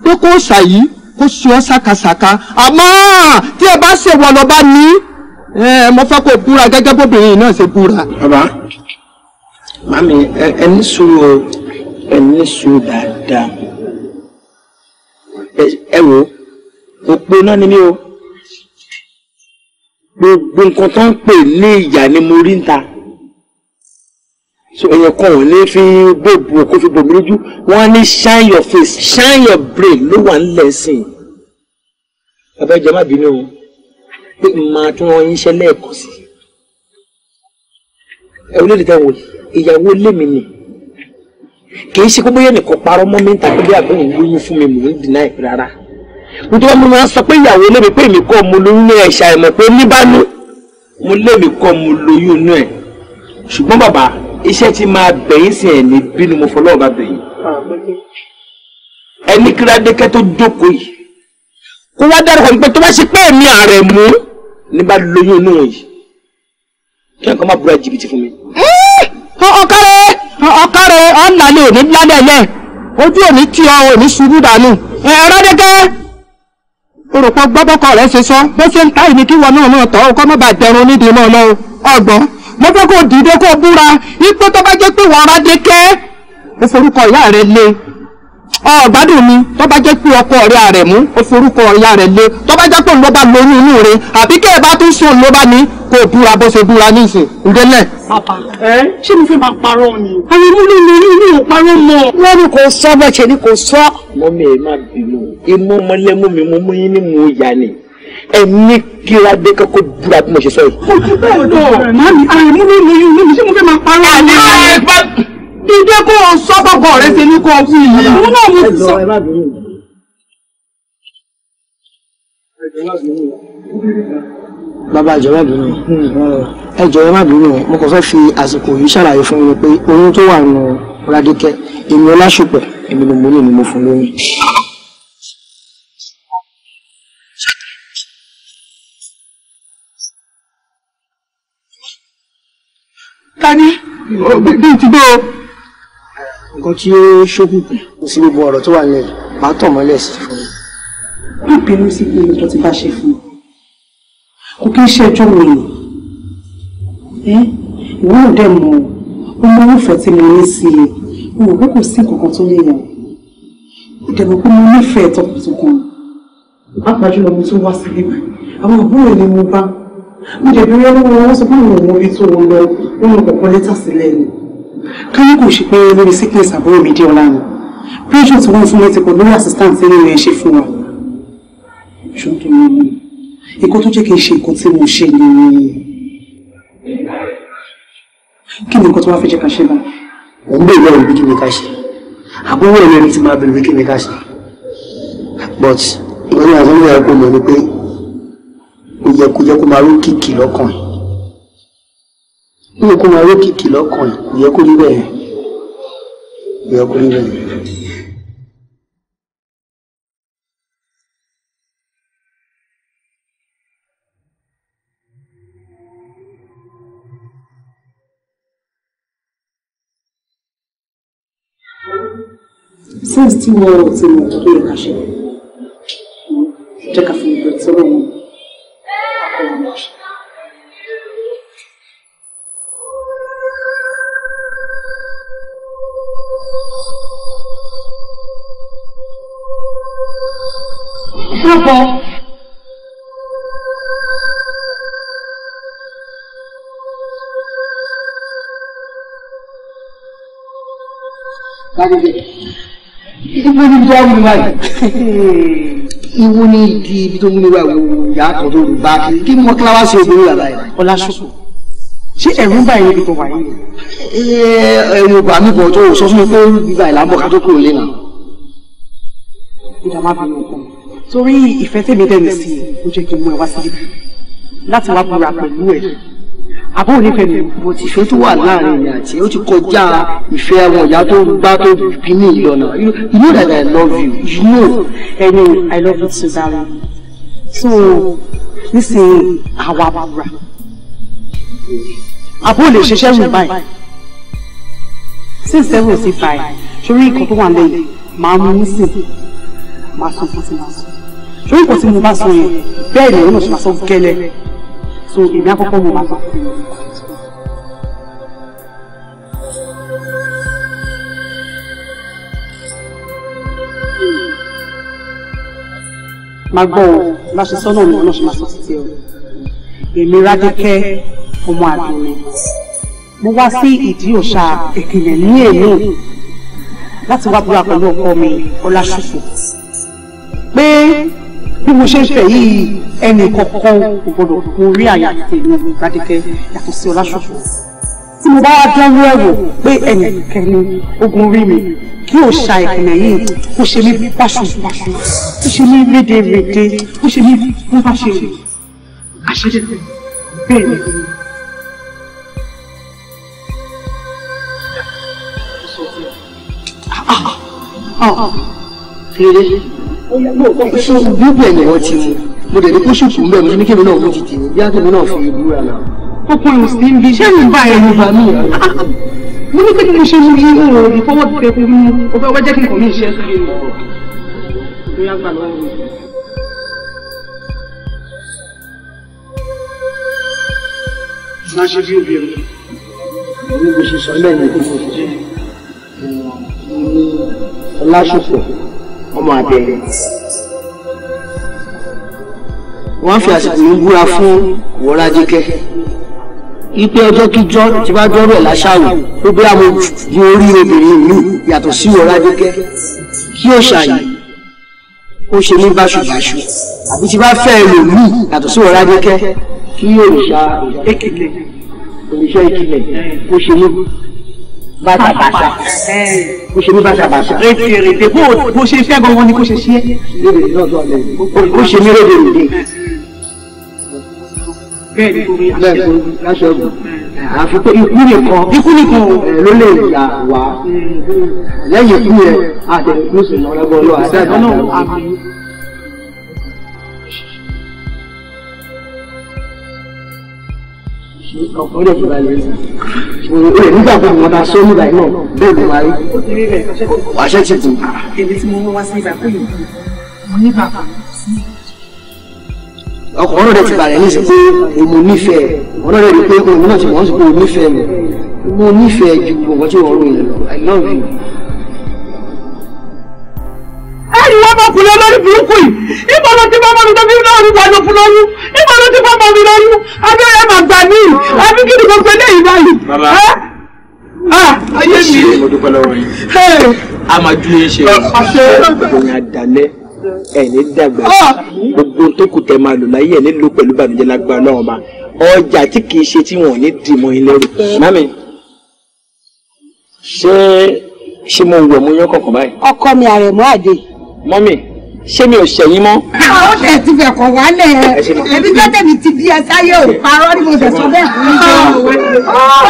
S1: pé kó ṣàyí kó sọ ọ ṣàkàṣàkà àmọ́ tí ẹ bá ṣèwọ lọ bá ní mo fẹ́ kó búra gẹ́gẹ́ bóbìnrin náà ṣe búra. bàbá màmí ẹ ní sùúrù o ẹ ní sùúrù dáadáa ẹ wò ó pé náà ni mí o gbogbo nǹkan tó ń pè ní ìyà ni mo rí ń ta so ẹyẹ kan ò ní fi gbòòbò kó fi bòmí lójú wọn ní shine your face shine your brain ló wà nílẹ̀ sìn abẹ́jọ́ má bínú o pé màá tún wọn yín ṣe lẹ́ẹ̀kan sí i ẹ wọlé ìdíkà wò ìyàwó lèmi nìyí kì í ṣe pé bóyá ẹnìkan parọ́ mọ́ mi ń tàbí bí àgbẹ̀wò lóyún fún mi mò ń dìnnà ìpè rárá nítorí mo máa ń sọ pé ìyàwó lébi pé èmi kọ́ mo lóyún ní ẹ̀ṣà ìmọ̀ pé níbánú mo lébi kọ́ mo lóyún inú ẹ̀ ṣùgbọ́n bàbá iṣẹ́ ti máa bẹ̀yìn sí ẹ̀ ní bínú mo fọlọ́ọ̀ bá bẹ̀yìn ẹni kíradékẹ́ tó jókòó yìí kó wá dárúkọ pé tó bá ṣe pé èmi ààrẹ mú ní bá lóyún inú wọn yìí kí nǹkan má búra ọkàrẹ ọ̀làlẹ̀ òní ládẹ̀lẹ̀ ojú òní tí ọ òní ṣubú dànù ẹ̀rọ́dẹ́kẹ́ orúkọ gbọ́bọ́kọ rẹ̀ ṣe sọ bó ṣe ń ta ìní kí wọn náà náà tọ́ ọkọ́ má bàa dẹrun nídìí mọ́ lọ ọgbọ́n mo fẹ́ kó dìde kó búra ipò tó bá jẹ́ pé wọ́n rádẹ́kẹ́ ó forúkọ ìyá rẹ̀ lé ọ̀gbádùn mi tó bá jẹ́ pé ọkọ rẹ̀ àrẹ̀mú ó forúkọ ìyá rẹ̀ lé tó bá jẹ́ pé òun ló bá lóyún inú rẹ̀ àbí kẹ́ ẹ bá tún sùn ló bá ní tó búra bó ṣe búra nísìn ǹdẹ́lẹ̀. bàbá ṣé mo fẹ́ máa parọ́ ni. àwọn ìmúlò mi ní ìlú ìparọ́ mọ́. wọ́n ní kò sọ bó ṣe ní kò sọ. mọ́mí ẹ̀ má bínú imú mọ́lẹ́mú mi mo mú yín ní mo yà ni ẹni kíra dé kókó búra bí mo ṣe sọ yìí. ojú bẹ́ẹ̀ lọ màmí àìmú ló lóyún lómi ṣé mo fẹ́ máa parọ́ àmì ààrẹ bá dídé kó o sọ bọ́bọ̀ rẹ ṣe ní kó o fún yìí. òun náà mo bàbá ìjọ má bínú ẹ jọ̀ọ́ má bínú mo kàn fẹ́ fi àsìkò yìí ṣàlàyé fún mi pé oyún tó wà nù Rádékẹ́ èmi Ọláṣùpẹ̀ èmi ni mo ní èmi mo fún lóyún. tani bí ti bó. nǹkan tí ó ṣókùnkùn sí gbogbo ọ̀rọ̀ tó wà nílẹ̀ máa tọ̀ mọ́lẹ̀ sí fún mi. má bínú sí pé nǹkan tí bá ṣe fún mi kò kí ń ṣẹjọ́ mi nù ìwọ náà dẹ̀ mọ̀ ó mọ ìfẹ́ tí mo ní sí i o rò pé kò sí kankan tó lè yàn ó dẹ̀ mọ̀ pé mo nífẹ̀ẹ́ tọkàntọkàn pàápàá jùlọ mo tún wá sí bíbá àwọn àbúrò ni mo bá mo dẹ̀ bí rẹ́lú wọn wọ́n sọ pé àwọn òun tó wọn lọ wọn lọ kọ̀ọ̀kan lẹ́tà sílẹ̀ ni ká ní kò ṣe pé lórí sickness àbúrò mi dé ọ̀la ni pressure tí wọ́n fún mi ti pọ̀ lórí assistant ẹni rẹ̀ ṣe fún wa ṣùgbọ́n tó ń nǹkan tó jẹ́ kí n ṣe nǹkan tí mo ṣe nìyẹn kí ni nǹkan tó wá fẹ́ jẹ́ ká ṣe báyìí. mo ń bèèrè ọ̀rọ̀ bí kí ni ká ṣe àbúrò ẹ̀rọ ẹni tí máa bèèrè kí ni ká ṣe but ìwọ ní àwọn ọmọ ẹ̀kọ́ mọ̀ ni pé ó yẹ kó yẹ kó máa rókìkì lọ́kàn
S3: ó yẹ kó máa rókìkì lọ́kàn ó yẹ kó rí bẹ́ẹ̀ yẹ kó rí bẹ́ẹ̀. since tí wọ́n ò ti mọ̀ yẹ ká ṣe
S1: jẹ́ ká fún wọn.
S3: Lọ́pọ̀. Báyọ̀ bẹ̀rẹ̀
S1: ibo ni ibi tó wá mú mi wáyé. iwo ni igi ibi tó mú mi wáyé o yà á kàn tó rìn bá a kiri kí ni wọn kíláwá sí obìnrin yàrá yẹn. ọlásùkò ṣé ẹ̀rù ń bá ìrìn ibìkan wáyé. ẹ̀rù ìgbà mi bọ̀ tó o sọ fún mi pé bíbá ìlà ń bọ̀ ká tó kúrò lẹ́nà. ìdá má bínú ọkọ mi torí ìfẹ́ tèmi dẹ́nu sí i ó jẹ́ kí n mú ẹ wá síbí láti wá búra pẹ̀lú ẹ̀ àbúrò nífẹ̀ẹ́ mi. mo ti fẹ́ tó wà láàrin mi àti ó ti kọjá ìfẹ́ àwọn ìyá tó gbá tó bí mi ìlọ́nà you know that I love you you know ẹni I love you too darling so nísìnyí àwa wàrà àbúrò lè ṣiṣẹ́ rìn báyìí since seven oh sí five sórí ìkan tó wà lẹ́yìn màá mú nísìnyí màá sọ fún ti màá sọ sórí ìkan tí mo bá sọ yẹn
S3: bẹ́ẹ̀ ni òun náà ṣe máa sọ gẹ́lẹ́
S1: so èmi àkọ́kọ́ mo máa sọ fún mi. máa gbọ́ ọ bá ṣe sọ́nà mi náà ṣe máa sọ títí ọ èmi Rádékẹ́ ọmọ àdùnní mo wá sí ìdí òòṣà Ìkìlẹ̀ ní èmi láti wá búra pẹ̀lú ọkọ mi Ọláṣùfù pé bí mo ṣe ń fẹ́ yìí ẹnì kọ̀ọ̀kan kò gbọdọ̀ gun orí àyà tèmi Gbádékẹ́ yàtọ̀ sí Ọláṣọ̀fọ̀ tí mo bá wá dánwó ẹ̀ pé ẹnì kẹni ogun orí mi kí o ṣa ìpìlẹ̀ yìí kó ṣe mí báṣubàṣu kó ṣe mí rédèrèdè kó ṣe mí bó bá ṣe rè àṣírí bẹ́ẹ̀ ni. Ah, ah, ah ṣé bí bẹ́ẹ̀ ni wọ́n ti mú mo dẹ̀ ní kó ṣùkú ń bẹ̀ mo ní kébì náà mo ti tì ní yá kébì náà fi búra náà. kókó ló sì ń bí ṣé ń bá ẹni bá mi rà. mo ní kébì ṣe mú yí òun òun fọwọ́ tẹ fún mi o fẹ́ wá kí n kàn mí iṣẹ́ sílé
S4: mi.
S3: máa ṣe bí
S1: obìnrin. ní bó ṣe sọ lẹ́yìn ìdíje ọlásùpọ̀ ọmọ abẹ wọ́n fi àsìkò yìí búra fún wọ́rájíkẹ́ ipe ọjọ́ kíjọ́ tí bá dọ́rọ̀ ẹ̀ láṣàwò ó bí àwọn ju orí obìnrin mi yàtọ̀ sí wọ́rájíkẹ́ kí ó ṣàyè ó ṣe ní báṣubàṣu àbí tí bá fẹ́ lò mí yàtọ̀ sí wọ́rájíkẹ́ kí òrìṣà èkìtì òrìṣà ìkìlẹ̀ ó ṣe ní bàtàbàtà kò ṣe ní bàtàbàtà. rètè rètè bó bó ṣe fẹ́ gan wọn ni kò ṣe ṣe é. ó ṣe ní rèdè rèdè. bẹ́ẹ̀ ni láṣọ ọgbọ̀n àfikún ikú nìkan ikú nìkan ló lè yà wá mm. lẹ́yìn ikú yẹn àtẹnukú sì lọ́rẹ́ bọ́ lọ́wọ́ àdáyé àdáyé. ọkùnrin rẹ̀ ti balẹ̀ o lè nígbà tó wọn bá sọ nígbà náà bẹ́ẹ̀ ló wáyé wàṣẹ ti tù. èmi tí mo wá sí ìgbà pé mo ní bàbá ọkùnrin rẹ̀ ti balẹ̀ ní ìsìnkú èmo nífẹ̀ẹ́ ọ̀nà rẹ̀ rí pé òun náà ti wọ́n ti pé òun nífẹ̀ẹ́ mi mo nífẹ̀ẹ́ ju ọ̀gọ́ tí wọ́n love you ẹ̀rì wọ́n bá kulẹ̀ lórí burúkú yìí ìbọn ló ti fọ́mọ́ mi tó fi lórí wà ló fún lóyún ìbọn ló ti fọ́mọ́ mi lóyún abẹ́rẹ́ mà gbà mí àbí kí ni gbogbo eléyìí báyìí. bàbá ayé mi mo dúpẹ́ lọ́wọ́ yín a máa ju dàgbà gbogbo tó kù tẹ̀ máa lò láyé ẹ̀ní lò pẹ̀lú bàmíjẹ́ lágbára náà ọba ọjà tí kì í ṣe tí wọn ò ní dì mọ́ ilé rẹ̀ mami ṣé ṣé mo wẹ̀ mo yán kọ̀ọ̀kan báyìí. ọkọ mi àrẹ̀mọ́ àdè mọ́mì ṣé mi ò ṣẹ̀yìn mọ́. àwọn ah, ọ̀dẹ̀ ti fẹ̀ kọ̀ wálẹ̀ ẹbí tẹ́tẹ̀mí ti bí ẹ sáyé ò parọ́ ni mo fẹ̀ sọ bẹ́ẹ̀ fún mi.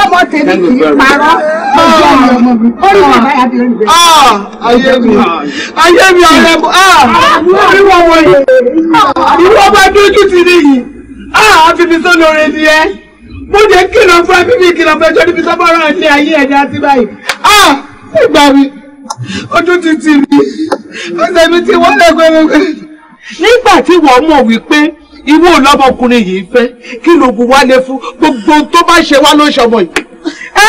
S1: ọmọ tèmi kì í parọ́ ọjọ́ ọmọ mi ó lọ wà bí olùgbé. ayé mi ọ̀rẹ́ bọ̀ ìwọ wọ̀nyí ìwọ bá dójú ti nìyí àfi ah, mi sọ lóore ni ẹ mo jẹ kìlọ̀ fún ẹ fífi kìlọ̀ fún ẹjọ́ níbi sọ́mọ́ràn ilé ayé ẹ̀dá ti báyìí. ìgbà ah, mi ojú ti tì ọ̀sẹ̀ mi ti wọlé pẹ́ẹ́pẹ́. nígbà tí wọ́n mọ̀ wípé irú ọlọ́mọkùnrin yìí fẹ́ kí lóògùn wálé fún gbogbo tó bá ṣe wá ló ṣọmọ yìí. ẹ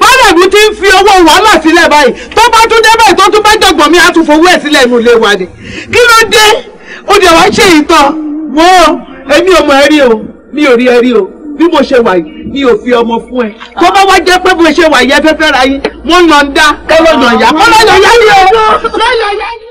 S1: bọ́dàbí ti ń fi owó wàhálà sílẹ̀ báyìí tó bá tún débẹ̀ tó tún bá jọ̀gbọ̀n mi á tún fowó ẹ̀ sílẹ̀ inú ilé wa ni kí ló dé ó dẹ̀ wá ṣe ìtàn wọ́n èmi ò mọ̀ ẹ́ rí o mi ò rí ẹ rí o bí mo ṣe wà yìí mi ò fi ọmọ fún ẹ. tó bá wá jẹ́ pé bó ṣe wà yìí ẹ fẹ́ fẹ́ ra yín wọ́n nà ń dá kọ́lọ́nà yá kọ́lọ́nà yá ni
S3: o.